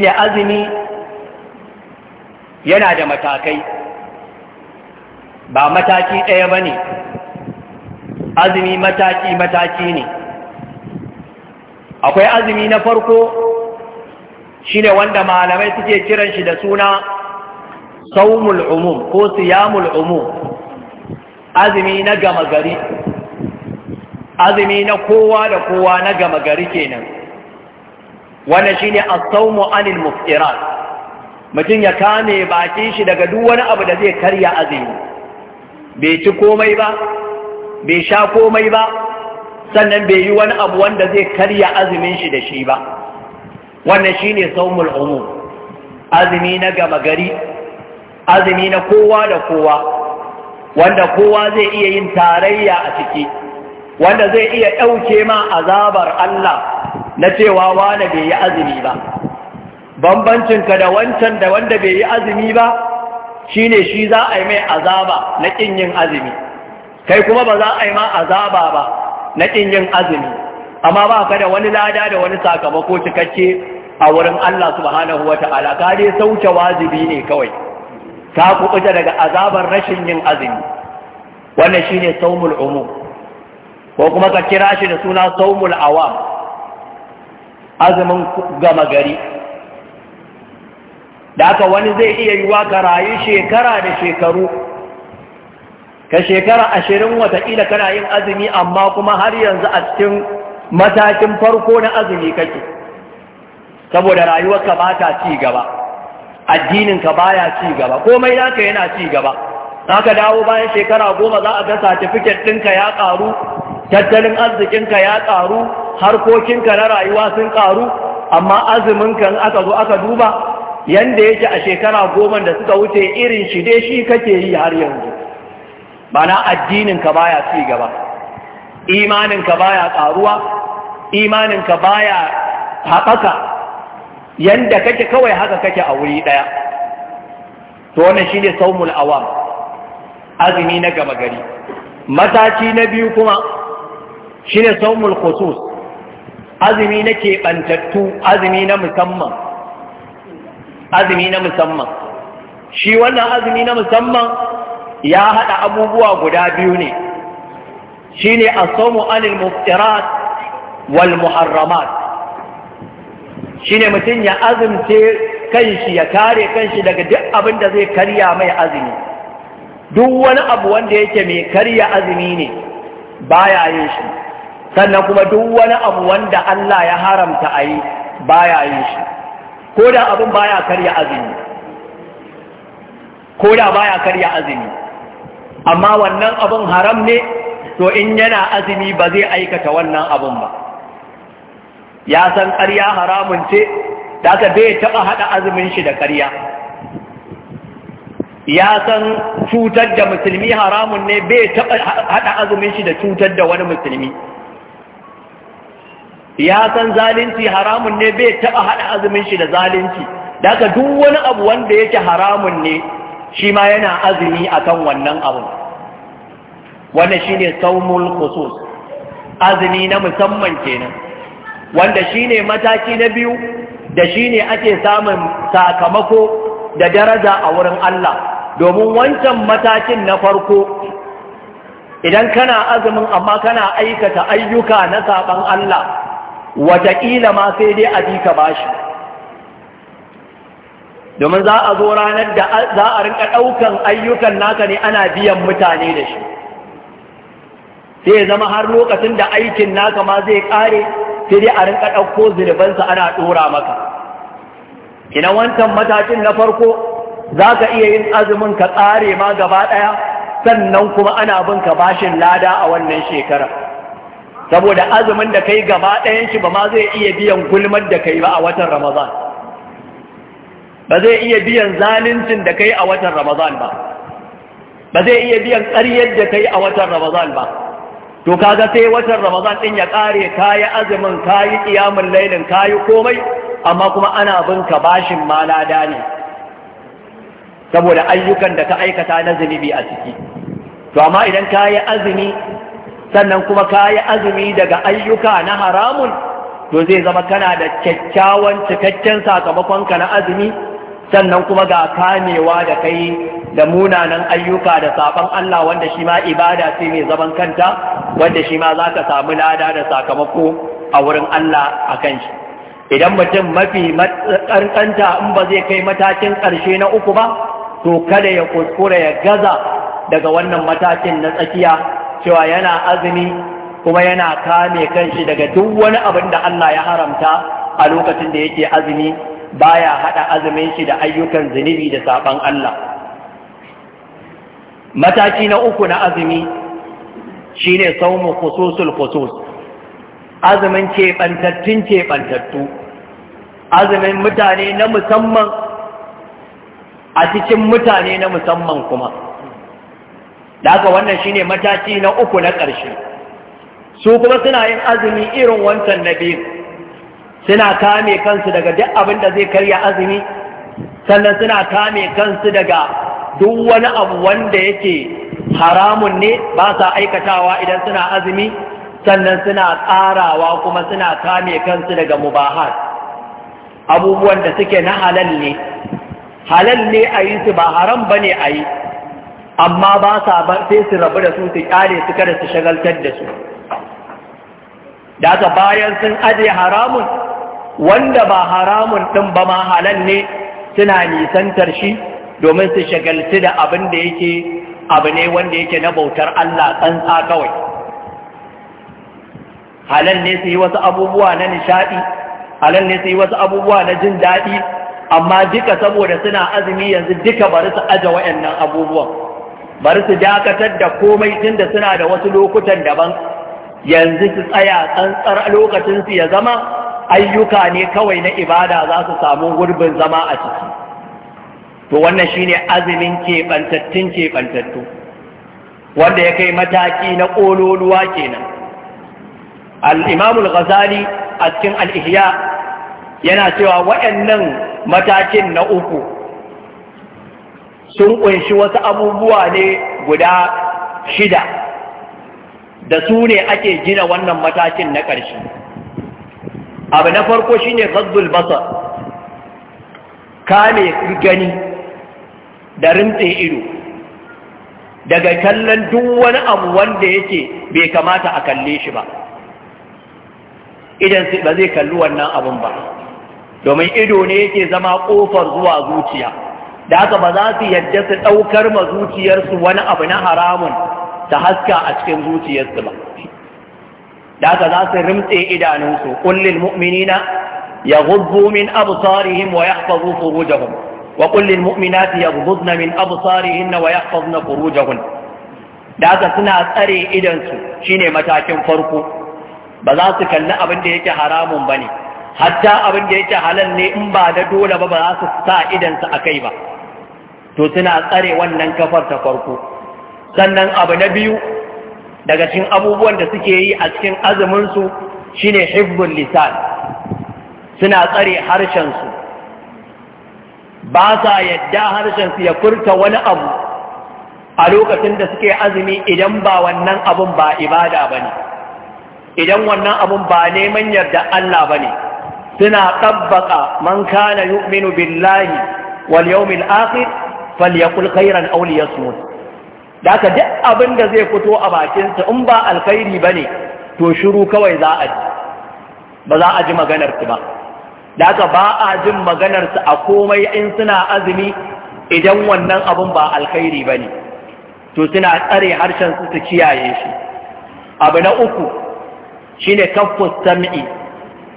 ne azumi yana da matakai ba mataki ɗaya ba ne azumi mataki-mataki ne akwai azumi na farko shine wanda malamai suke kiran shi da suna saumul umum ko siyamul umum azumi na gama gari azumi na kowa da kowa na gama gari kenan wannan shine as-sawmu anil muftirat mutum ya kame bakin shi daga duk wani abu da zai karya azumi bai ci komai ba bai sha komai ba sannan bai yi wani abu wanda zai karya azumin shi da shi ba wannan shine saumul umum azumi na gama gari azumi na kowa da kowa wanda kowa zai iya yin tarayya a ciki wanda zai iya ɗauke ma azabar Allah na cewa wane bai yi azumi ba bambancin ka da wancan da wanda bai yi azumi ba shine shi za a yi mai azaba na ƙin yin azumi kai kuma ba za a yi ma azaba ba na ƙin yin azumi amma ba ka da wani lada da wani sakamako cikakke a wurin Allah subhanahu wa ta'ala ka dai sauke wajibi ne kawai ka kuɓuta daga azabar rashin yin azumi wannan shine saumul umum ko kuma ka kira shi da suna saumul awa, azumin gama gari da aka wani zai iya yiwa ka rayu shekara da shekaru ka shekara ashirin wataƙila kana yin azumi amma kuma har yanzu a cikin matakin farko na azumi kake saboda rayuwarka ba ta ci gaba addininka baya ci gaba komai naka yana ci gaba naka dawo bayan shekara goma za a ga satifiket ɗinka ya ƙaru tattalin arzikinka ya ƙaru harkokinka na rayuwa sun ƙaru amma azuminka in aka zo aka duba yanda yake a shekara goma da suka wuce irin shi dai shi kake yi har yanzu Bana addininka baya ci gaba imaninka baya ƙaruwa imaninka baya haɓaka yanda kake kawai haka kake a wuri ɗaya to wannan shi ne saumul awam azumi na gama gari mataki na biyu kuma shi ne saumul khusus azumi na keɓantattu azumi na musamman azumi na musamman shi wannan azumi na musamman ya haɗa abubuwa guda biyu ne shi ne asomu anil muftirat wal muharramat shine mutum ya azumce kanshi ya kare kanshi daga duk abin da zai karya mai azumi duk wani abu wanda yake mai karya azumi ne baya yin shi sannan kuma duk wani abu wanda Allah ya haramta a yi baya yin shi ko da abin baya karya azumi ko da baya karya azumi amma wannan abin haram ne to in yana azumi ba zai aikata wannan abin ba ya san ƙarya haramun ce da aka bai taɓa haɗa azumin shi da ƙarya ya san cutar da musulmi haramun ne bai taɓa haɗa azumin shi da cutar da wani musulmi ya san zalunci haramun ne bai taɓa haɗa azumin shi da zalunci da aka duk wani abu wanda yake haramun ne shi ma yana azumi akan wannan abu wannan shine saumul khusus azumi na musamman kenan wanda shine mataki na biyu da shine ake samun sakamako da daraja a wurin Allah domin wancan matakin na farko idan kana azumin amma kana aikata ayyuka na saban Allah wataƙila ma sai dai a bi ka bashi domin za a zo ranar da za a rinka ɗaukan ayyukan naka ne ana biyan mutane da shi sai zama har lokacin da aikin naka ma zai ƙare sai dai a rinka ɗauko zunubansa ana ɗora maka ina wancan matakin na farko za ka iya yin azumin ka tsare ma gaba ɗaya sannan kuma ana bin ka bashin lada a wannan shekara saboda azumin da kai gaba ɗayan shi ba ma zai iya biyan gulmar da kai ba a watan ramadan ba zai iya biyan zaluncin da kai a watan ramadan ba ba zai iya biyan ƙaryar da kai a watan ramadan ba to kaga sai watan ramadan din ya kare kayi azumin kayi iyamun lailin kayi komai amma kuma ana bin ka bashin ma lada ne saboda ayyukan da ka aikata na zunubi a ciki to amma idan kayi azumi sannan kuma kayi azumi daga ayyuka na haramun to zai zama kana da kyakkyawan cikakken sakamakonka na azumi sannan kuma ga kamewa da kai da munanan ayyuka da saban Allah wanda shi ma ibada ce mai zaman kanta wanda shi ma za ka samu lada da sakamako a wurin Allah a kan shi idan mutum mafi ƙanƙanta in ba zai kai matakin ƙarshe na uku ba to kada ya kuskura ya gaza daga wannan matakin na tsakiya cewa yana azumi kuma yana kame kanshi daga duk wani abin da Allah ya haramta a lokacin da yake azumi baya haɗa azumin shi da ayyukan zunubi da saban Allah mataki na uku na azumi shine saumu kususul kusus, azumin keɓantattun keɓantattu azumin mutane na musamman a cikin mutane na musamman kuma da haka wannan shine mataki na uku na ƙarshe su kuma suna yin azumi irin wancan na biyu suna kame kansu daga duk abin da zai karya azumi sannan suna kame kansu daga duk wani abu wanda yake haramun ne ba sa aikatawa idan suna azumi sannan suna tsarawa kuma suna kame kansu daga mubahar? abubuwan da suke na halal ne halal ne a yi su ba haram ba ne a yi amma ba sa sai su rabu da su su kyale su kada su shagaltar da su da aka bayan sun aje haramun wanda ba haramun ɗin ba ma halal ne suna nisantar shi domin su shagalci da abin da yake abu ne wanda yake na bautar Allah tsantsa kawai halal ne su yi wasu abubuwa na nishaɗi. halal ne su yi wasu abubuwa na jin daɗi amma duka saboda suna azumi yanzu duka bari su aje wayannan abubuwan bari su dakatar da komai tunda suna da wasu lokutan daban yanzu su tsaya tsantsar lokacinsu ya zama ayyuka ne kawai na ibada za su samu gurbin zama a ciki to wannan shine azumin keɓantattun keɓantattu wanda ya kai mataki na ƙololuwa kenan alimamul imamu ghazali a cikin al yana cewa waɗannan matakin na uku sun ƙunshi wasu abubuwa ne guda shida da su ne ake gina wannan matakin na ƙarshe abu na farko shine ghaddul basar kame gani da rimtse ido daga kallon duk wani abu wanda yake bai kamata a kalle shi ba idan ba zai kalli wannan abun ba domin ido ne yake zama kofar zuwa zuciya da haka ba za su yadda su ɗaukar ma zuciyarsu wani abu na haramun ta haska a cikin zuciyarsu ba da haka za su rimtse idanunsu ƙullin mu'minina ya min absarihim wa yahfazu furujahum وقل للمؤمنات يغضضن من أبصارهن ويحفظن فروجهن da aka suna tsare idansu shine matakin farko ba za su kalli abin da yake haramun ba ne hatta abin da yake halal ne in ba da dole ba ba za su sa idansu a kai ba to suna tsare wannan kafar ta farko sannan abu na biyu daga cikin abubuwan da suke yi a cikin azuminsu shine hibbul lisan suna tsare harshensu ba sa yadda harshensu ya furta wani abu a lokacin da suke azumi idan ba wannan abun ba ibada ba ne idan wannan abun ba neman yarda Allah ba ne suna tabbaka man kana yu'minu billahi wal yawmil akhir falyakul khairan aw liyasmut da ka duk abin da zai fito a bakinsa in ba alkhairi ba ne to shiru kawai za a ji ba za a ji maganar ba da aka ba a jin maganarsu a komai in suna azumi idan wannan abun ba alkhairi ba ne to suna tsare harshen su kiyaye shi abu na uku shi ne kafin sam'i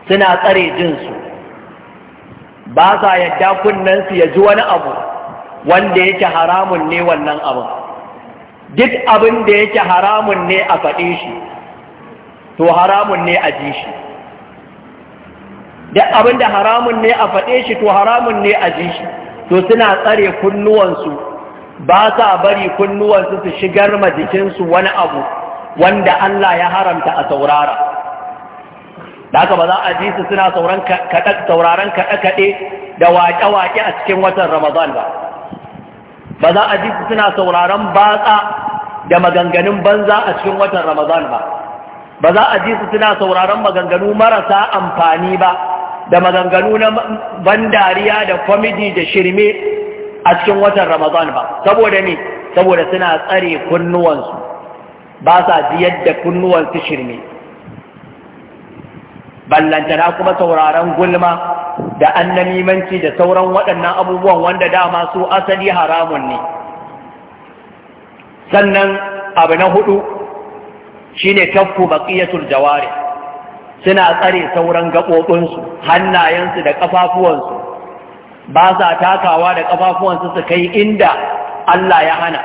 suna tsare jinsu ba sa yadda kunnensu ya ji wani abu wanda yake haramun ne wannan abin duk abin da yake haramun ne a faɗe shi to haramun ne a ji shi da abin da haramun ne a faɗe shi to haramun ne a ji shi to suna tsare kunnuwansu ba sa bari kunnuwansu su shigar ma jikinsu wani abu wanda Allah ya haramta a saurara da haka ba za a ji su suna sauraron kaɗe-kaɗe da waƙe-waƙe a cikin watan Ramadan ba ba za a ji su suna sauraron batsa da maganganun banza a cikin watan Ramadan ba ba za a ji su suna sauraron maganganu marasa amfani ba da maganganu na ban dariya da kwamidi da shirme a cikin watan ramadan ba saboda ne saboda suna tsare kunnuwansu ba sa biyar da kunnuwansu shirme ballantana kuma sauraron gulma da annamimanci da sauran waɗannan abubuwan wanda dama su asali haramun ne sannan abu na hudu shine taffu baqiyatul jawari suna tsare sauran gaɓoɓinsu hannayensu da ƙafafuwansu ba sa takawa da ƙafafuwansu su kai inda Allah ya hana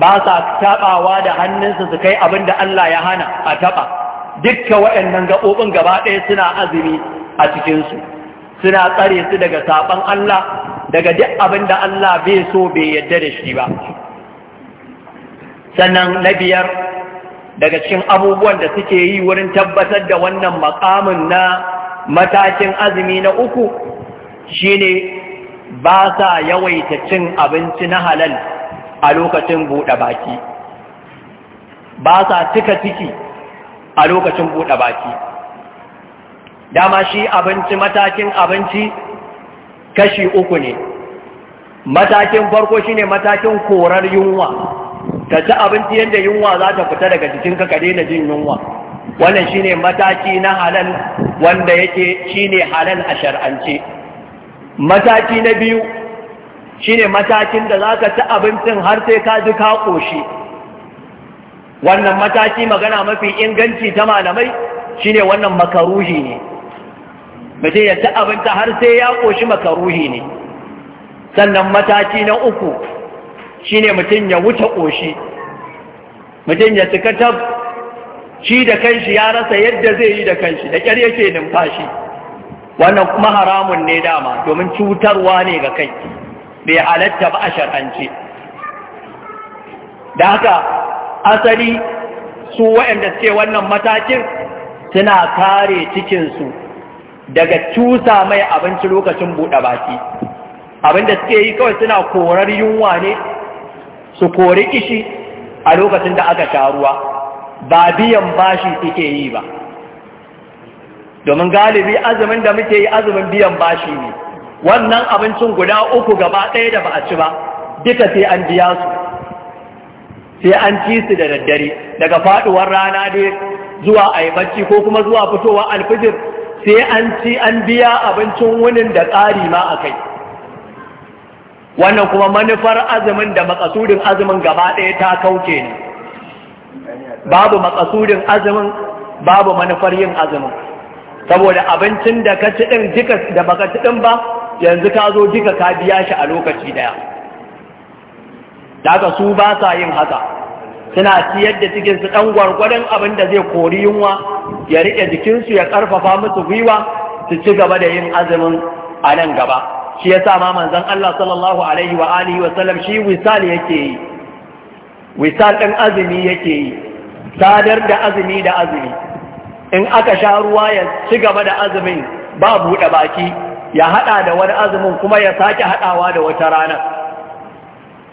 ba sa taɓawa da hannunsu su kai abin Allah ya hana a taɓa dukka waɗannan gaɓoɓin gaba ɗaya suna azumi a cikinsu suna tsare su daga saɓon Allah daga duk abin da Allah bai so bai yadda da shi ba sannan na biyar daga cikin abubuwan da suke yi wurin tabbatar da wannan makamin na matakin azumi na uku shine ba sa yawaita cin abinci na halal a lokacin buɗe baki ba sa cika ciki a lokacin buɗe baki dama shi abinci matakin abinci kashi uku ne matakin farko shine matakin korar yunwa ka ci abinci yadda yunwa za ta fita daga jikinka ka daina jin yunwa wannan shine mataki na halal wanda yake shine halal a shar'ance mataki na biyu shine matakin da za ka ci abincin har sai ka ji ka ƙoshi wannan mataki magana mafi inganci ta malamai shine wannan makaruhi ne mutum ya ci abinci har sai ya ƙoshi makaruhi ne sannan mataki na uku Shi ne mutum ya wuce ƙoshi mutum ya tab shi da kanshi ya rasa yadda zai yi da kanshi da ƙyar yake numfashi wannan kuma haramun ne dama domin cutarwa ne ga kai bai halatta ba a shar'ance da haka asali su wayanda suke wannan matakin suna kare cikinsu daga cusa mai abinci lokacin buɗe baki abinda suke yi kawai suna korar yunwa ne su kori ishi a lokacin da aka sha ba biyan bashi suke yi ba domin galibi azumin da muke yi azumin biyan bashi ne wannan abincin guda uku gaba ɗaya da ba a ci ba duka sai an biya su sai an ci su da daddare daga faɗuwar rana dai zuwa a yi bacci ko kuma zuwa fitowa alfijir sai an ci an biya abincin wunin da tsari ma a kai wannan kuma manufar azumin da makasudin azumin gaba ɗaya ta kauce ne babu makasudin azumin babu manufar yin azumin saboda abincin da ka ci ɗin jika da baka ci ɗin ba yanzu ka zo jika ka biya shi a lokaci ɗaya daga su ba sa yin haka suna ciyar da cikin ɗan gwargwadon abin da zai kori yunwa ya riƙe jikinsu ya ƙarfafa musu gwiwa su ci gaba da yin azumin a nan gaba shi yasa ma manzon Allah sallallahu alaihi wa alihi wa shi wisal yake yi wisal din azumi yake yi sadar da azumi da azumi in aka sha ruwa ya ci gaba da azumin ba buɗe baki ya haɗa da wani azumin kuma ya sake haɗawa da wata rana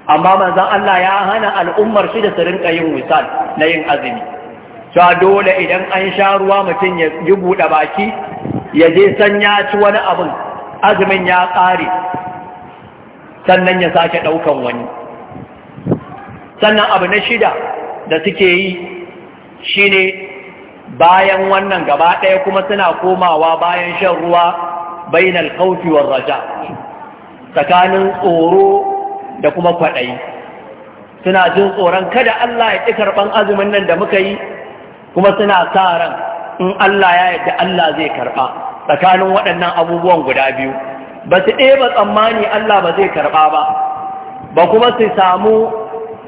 amma manzan Allah ya hana al'ummar shi da su rinka yin wisal na yin azumi cewa dole idan an sha ruwa mutum ya yi buɗe baki ya je san ya ci wani abin azumin ya ƙare sannan ya sake ɗaukan wani sannan abu na shida da suke yi shine bayan wannan gaba ɗaya kuma suna komawa bayan shan ruwa bayan khawfi wa raja tsakanin tsoro da kuma kwaɗayi suna jin tsoron kada Allah ya ƙi karɓan azumin nan da muka yi kuma suna sa ran in Allah ya yadda Allah zai karɓa tsakanin waɗannan abubuwan guda biyu ba su ɗeba tsammani Allah ba zai karɓa ba ba kuma su samu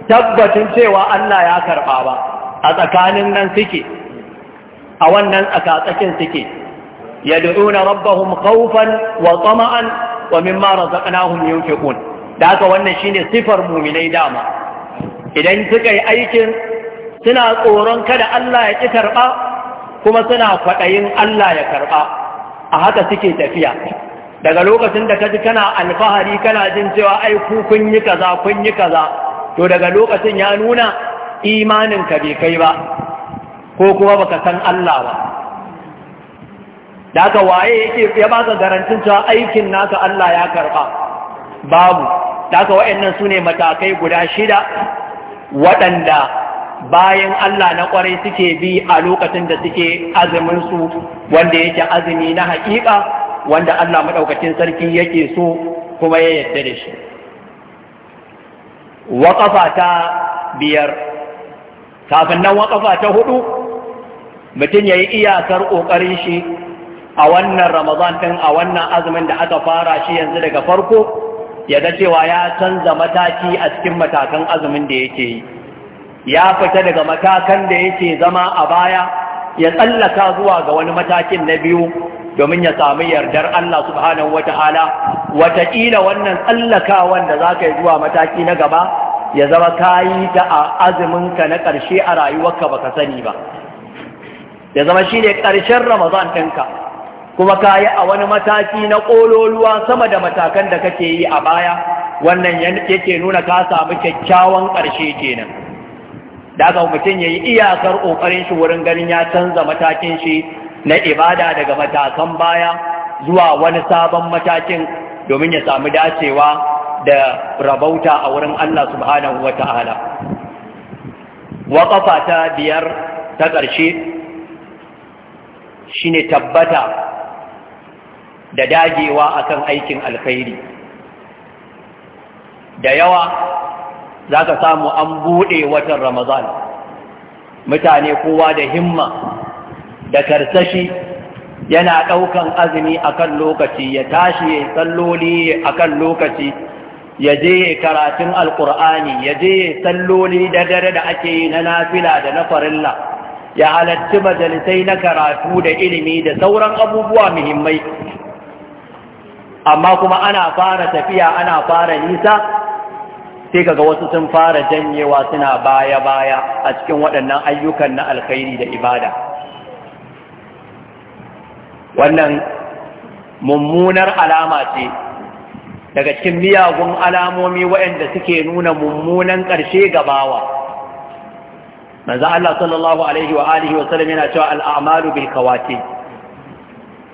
tabbatin cewa Allah ya karɓa ba a tsakanin nan suke a wannan tsakatsakin suke yad'una rabbahum khawfan wa tsama'an, wa mimma razaqnahum yunfiqun da haka wannan shine sifar mu'minai dama idan suka yi aikin suna tsoron kada Allah ya ƙi karɓa kuma suna kwaɗayin Allah ya karɓa a haka suke tafiya daga lokacin da ka ji kana alfahari kana jin cewa ai ku kun yi kaza kun yi kaza to daga lokacin ya nuna imanin ka bai kai ba ko kuma baka san Allah ba da waye yake ya ka garantin cewa aikin naka Allah ya karɓa? babu da nan waɗannan sune matakai guda shida waɗanda bayan Allah na kwarai suke bi a lokacin da suke azumin su wanda yake azumi na haƙiƙa wanda Allah madaukakin sarki yake so kuma ya yarda da shi waƙafa ta biyar kafin nan waƙafa ta hudu mutum ya yi iyakar ƙoƙarin shi a wannan ramazan ɗin a wannan azumin da aka fara shi yanzu daga farko ya da cewa ya canza mataki a cikin matakan azumin da yake yi ya fita daga matakan da yake zama a baya ya tsallaka zuwa ga wani matakin na biyu domin ya sami yardar Allah subhanahu wata'ala wataƙila wannan tsallakawan da za ka yi zuwa mataki na gaba ya zama yi ta a ka na ƙarshe a rayuwarka baka sani ba ya zama shi ne ƙarshen ramazan ɗinka kuma ka yi a wani mataki na ƙololuwa sama da matakan da kake yi a baya wannan yake nuna ka samu kyakkyawan ƙarshe kenan. daga mutum ya yi iyakar ƙoƙarin shi wurin ganin ya canza matakin shi na ibada daga matakan baya zuwa wani sabon matakin domin ya sami dacewa da rabauta a wurin Allah subhanahu wa ta'ala. Waƙafa ta biyar ta ƙarshe shi ne tabbata da dagewa akan aikin alkhairi. Da yawa za ka samu an buɗe watan ramazan mutane kowa da himma da karsashi yana ɗaukan azumi akan lokaci ya tashi ya salloli akan lokaci ya je karatun alkur'ani ya je salloli da dare da ake yi na nafila da na farilla ya halarci majalisai na karatu da ilimi da sauran abubuwa muhimmai amma kuma ana fara tafiya ana fara nisa sai kaga wasu sun fara janyewa suna baya-baya a cikin waɗannan ayyukan na alkhairi da ibada wannan mummunar alama ce daga cikin miyagun alamomi waɗanda suke nuna mummunan ƙarshe gabawa. manzo Allah sallallahu alaihi wa alihi wa sallam yana cewa al'amalu bil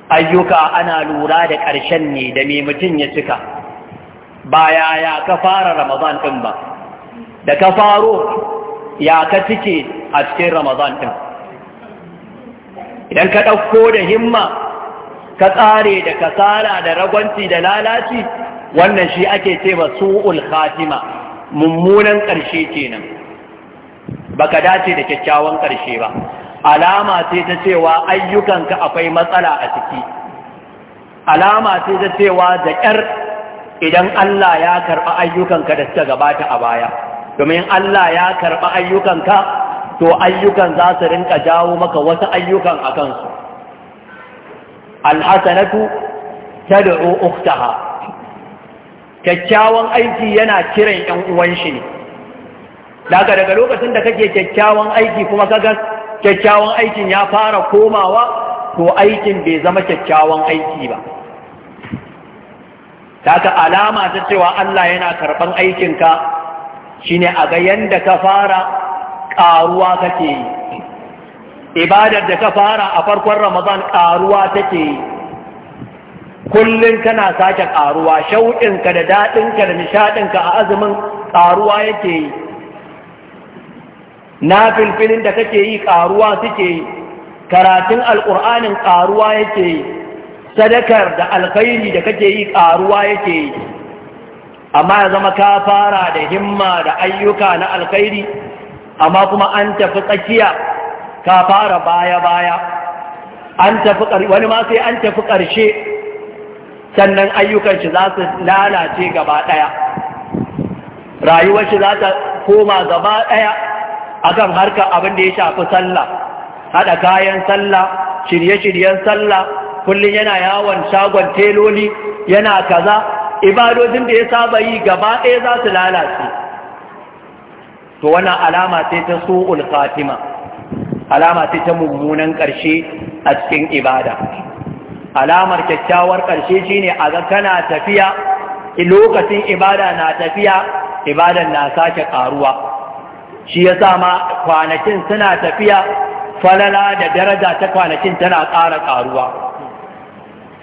ayyuka ana lura da ƙarshen ne da me mutum ya cika ba yaya ka fara ramadan ɗin ba da ka faro ya ka cike a cikin ramadan ɗin idan ka ɗauko da himma ka tsare da kasala da ragwanci da lalaci wannan shi ake ce ba su'ul khatima mummunan ƙarshe kenan baka dace da kyakkyawan ƙarshe ba alama ce ta cewa ayyukanka akwai matsala a ciki alama ce ta cewa da ƙyar idan Allah ya karɓi ayyukanka da suka gabata a baya domin Allah ya karɓi ayyukanka to ayyukan za su rinka jawo maka wasu ayyukan a kansu alhassanatu ta tad'u Uktaha. kyakkyawan aiki yana kiran yan uwan shi ne daga daga lokacin da kake kyakkyawan aiki kuma kaga kyakkyawan aikin ya fara komawa to aikin bai zama kyakkyawan aiki ba Taka alama ta cewa Allah yana karɓan aikinka shine a ga yanda ka fara ƙaruwa kake yi. Ibadar da ka fara a farkon Ramadan ƙaruwa take yi. Kullum kana sake ƙaruwa, shauƙinka da daɗinka da nishaɗinka a azumin ƙaruwa yake yi. Na filfilin da kake yi ƙaruwa suke yi, karatun Alƙur'anin ƙaruwa yake yi. sadakar da alkhairi da kake yi karuwa yake yi amma ya zama ka fara da himma da ayyuka na alkhairi amma kuma an tafi tsakiya ka fara baya-baya wani ma sai an tafi ƙarshe sannan ayyukan shi za su lalace gaba ɗaya rayuwar shi za ta koma gaba ɗaya akan harkar abin da ya shafi sallah haɗa kayan sallah shirye-shiryen sallah kullum yana yawon shagon teloli yana kaza ibadojin da ya saba yi gaba ɗaya za su lalace to wannan alama sai ta su'ul khatima alama sai ta mummunan ƙarshe a cikin ibada alamar kyakkyawar ƙarshe shine a ga kana tafiya lokacin ibada na tafiya ibadan na sake ƙaruwa shi ya sa ma kwanakin suna tafiya falala da daraja ta kwanakin tana ƙara ƙaruwa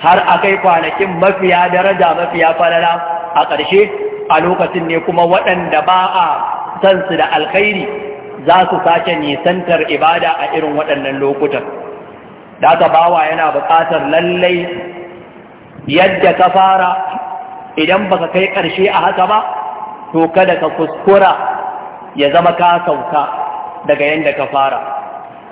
har akai kwanakin mafiya daraja mafiya falala a ƙarshe a lokacin ne kuma waɗanda ba a san su da alkhairi za su sake nisantar ibada a irin waɗannan lokutan da bawa yana buƙatar lallai yadda ka fara idan baka kai ƙarshe a haka ba to kada ka kuskura ya zama ka sauka daga yadda ka fara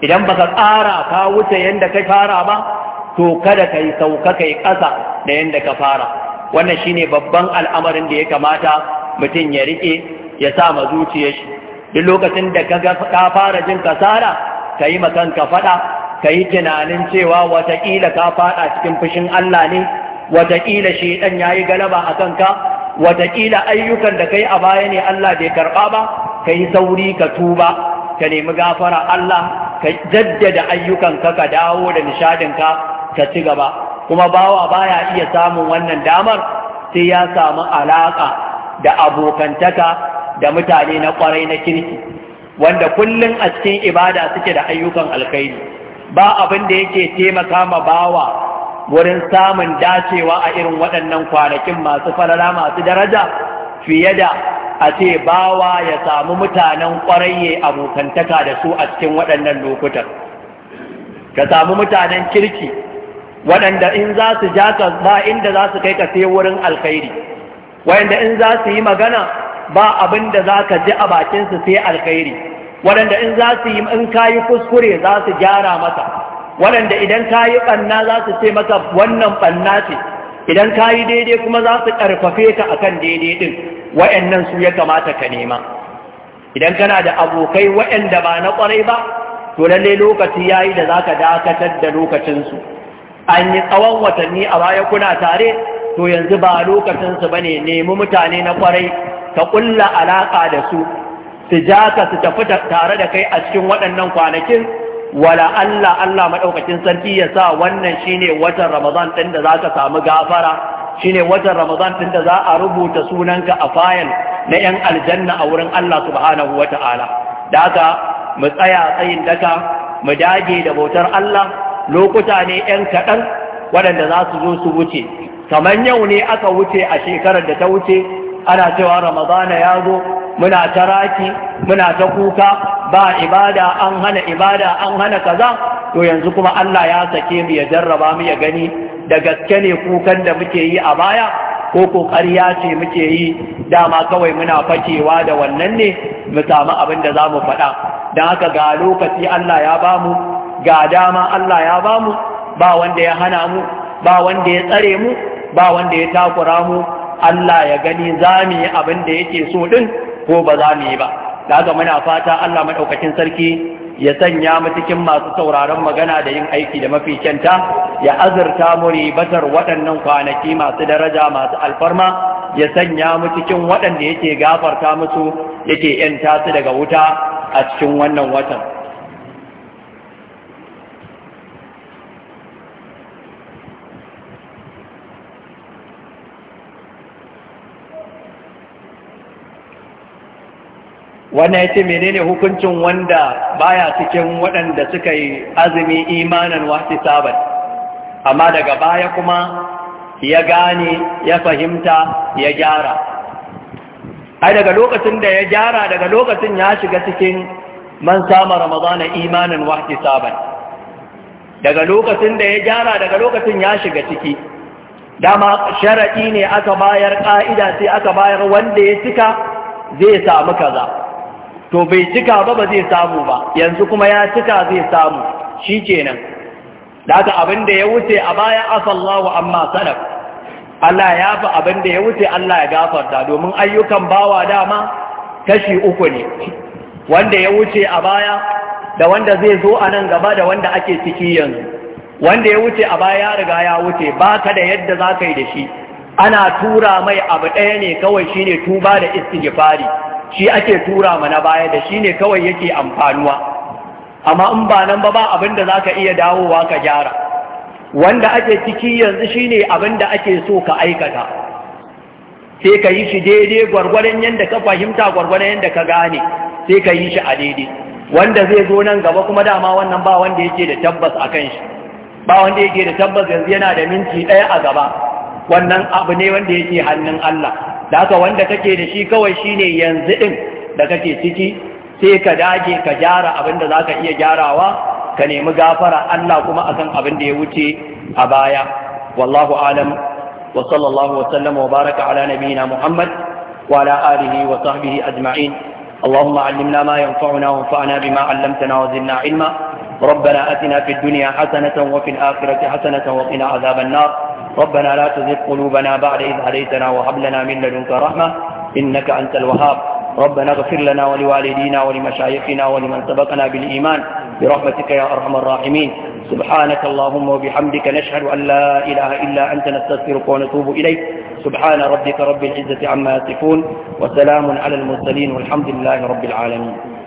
idan baka ƙara ka wuce yadda ka fara ba to kada ka yi sauka ka yi ƙasa da yadda ka fara wannan shine babban al'amarin da ya kamata mutum ya riƙe ya sa ma zuciyar shi duk lokacin da ka fara jin kasara ka yi ma ka faɗa ka yi tunanin cewa wataƙila ka faɗa cikin fushin Allah ne wataƙila shi ɗan ya yi galaba a kanka wataƙila ayyukan da kai a baya ne Allah bai karɓa ba ka yi sauri ka tuba ka nemi gafara Allah ka jaddada ayyukanka ka dawo da nishadinka ta ci gaba kuma bawa baya iya samun wannan damar sai ya samu alaƙa da abokantaka da mutane na kwarai na kirki wanda kullum a cikin ibada suke da ayyukan alkhairi ba abin da yake taimaka ma bawa wurin samun dacewa a irin waɗannan kwanakin masu farara masu daraja fiye da a ce bawa ya samu mutanen ƙwarayye abokantaka da su a cikin waɗannan lokutan ka samu mutanen kirki waɗanda in za su ja ka ba inda za su kai ka sai wurin alkhairi waɗanda in za su yi magana ba abin da za ka ji a bakinsu sai alkhairi waɗanda in za su yi in ka yi kuskure za su gyara maka waɗanda idan ka yi ɓanna za su ce maka wannan ɓanna ce idan ka yi daidai kuma za su ƙarfafe ka kan daidai ɗin waɗannan su ya kamata ka nema idan kana da abokai waɗanda ba na ƙwarai ba to lallai lokaci ya yi da za ka dakatar da lokacinsu an yi tsawon watanni a baya kuna tare to yanzu ba lokacinsu ba ne nemi mutane na kwarai ka ƙulla alaƙa da su su ja ka su tafi tare da kai a cikin waɗannan kwanakin wala Allah Allah maɗaukacin sarki ya sa wannan shine watan Ramadan ɗin da za ka samu gafara shine watan Ramadan ɗin da za a rubuta sunanka a fayil na 'yan aljanna a wurin Allah subhanahu wa ta'ala da haka mu tsaya tsayin daka mu dage da bautar Allah lokuta ne ‘yan kaɗan waɗanda za su zo su wuce kamar yau ne aka wuce a shekarar da ta wuce ana cewa ramadana ya zo muna ta raki muna ta kuka ba ibada an hana ibada an hana kaza to yanzu kuma Allah ya sake mu ya jarraba mu ya gani da gaske ne kukan da muke yi a baya ko ya ce muke yi dama kawai muna fakewa da wannan ne mu samu abin da za mu faɗa don haka ga lokaci Allah ya bamu ga dama Allah ya ba mu ba wanda ya hana mu ba wanda ya tsare mu ba wanda ya takura mu Allah ya gani za mu yi abin da yake so din ko ba za mu yi ba daga muna fata Allah madaukakin sarki ya sanya mu cikin masu sauraron magana da yin aiki da mafi kyanta ya azurta mu ribatar waɗannan kwanaki masu daraja masu alfarma ya sanya mu cikin waɗanda yake gafarta musu yake 'yanta su daga wuta a cikin wannan watan wannan ya menene hukuncin wanda baya cikin waɗanda suka yi azumi imanin wasu sabat amma daga baya kuma ya gane ya fahimta ya gyara ai daga lokacin da ya gyara daga lokacin ya shiga cikin man sama ramadana imanin wasu sabat daga lokacin da ya gyara daga lokacin ya shiga ciki dama sharadi ne aka bayar ka'ida sai aka bayar wanda ya cika zai samu kaza to bai cika ba ba zai samu ba yanzu kuma ya cika zai samu shi kenan daga abin da ya wuce a baya asallahu amma sanar Allah ya fi abin da ya wuce Allah ya gafarta domin ayyukan bawa dama kashi uku ne wanda ya wuce a baya da wanda zai zo a nan gaba da wanda ake ciki yanzu wanda ya wuce a baya ya riga ya wuce baka da yadda za ka yi da shi ana tura mai abu ɗaya ne kawai shine tuba da istighfari shi ake tura mana baya da shi ne kawai yake amfanuwa amma in ba nan ba ba abin da za ka iya dawowa ka gyara wanda ake ciki yanzu shi ne abin da ake so ka aikata sai ka yi shi daidai gwargwaron yadda ka fahimta gwargwaron yadda ka gane sai ka yi shi a daidai wanda zai zo nan gaba kuma dama wannan ba wanda yake da tabbas a kan shi ba wanda yake da tabbas yanzu yana da minti ɗaya a gaba wannan abu ne wanda yake hannun Allah da haka wanda kake da shi kawai shine yanzu din da kake ciki sai ka dage ka gyara abin da ka iya gyarawa ka nemi gafara Allah kuma akan abin da ya wuce a baya wallahu alam wa sallallahu wa sallama wa baraka ala nabiyina muhammad wa ala alihi wa sahbihi ajma'in اللهم علمنا ما ينفعنا وانفعنا allamtana علمتنا وزدنا ilma. ربنا اتنا في الدنيا حسنه وفي الاخره حسنه وقنا عذاب النار ربنا لا تزغ قلوبنا بعد إذ هديتنا وهب لنا من لدنك رحمة إنك أنت الوهاب ربنا اغفر لنا ولوالدينا ولمشايخنا ولمن سبقنا بالإيمان برحمتك يا أرحم الراحمين سبحانك اللهم وبحمدك نشهد أن لا إله إلا أنت نستغفرك ونتوب إليك سبحان ربك رب العزة عما يصفون وسلام على المرسلين والحمد لله رب العالمين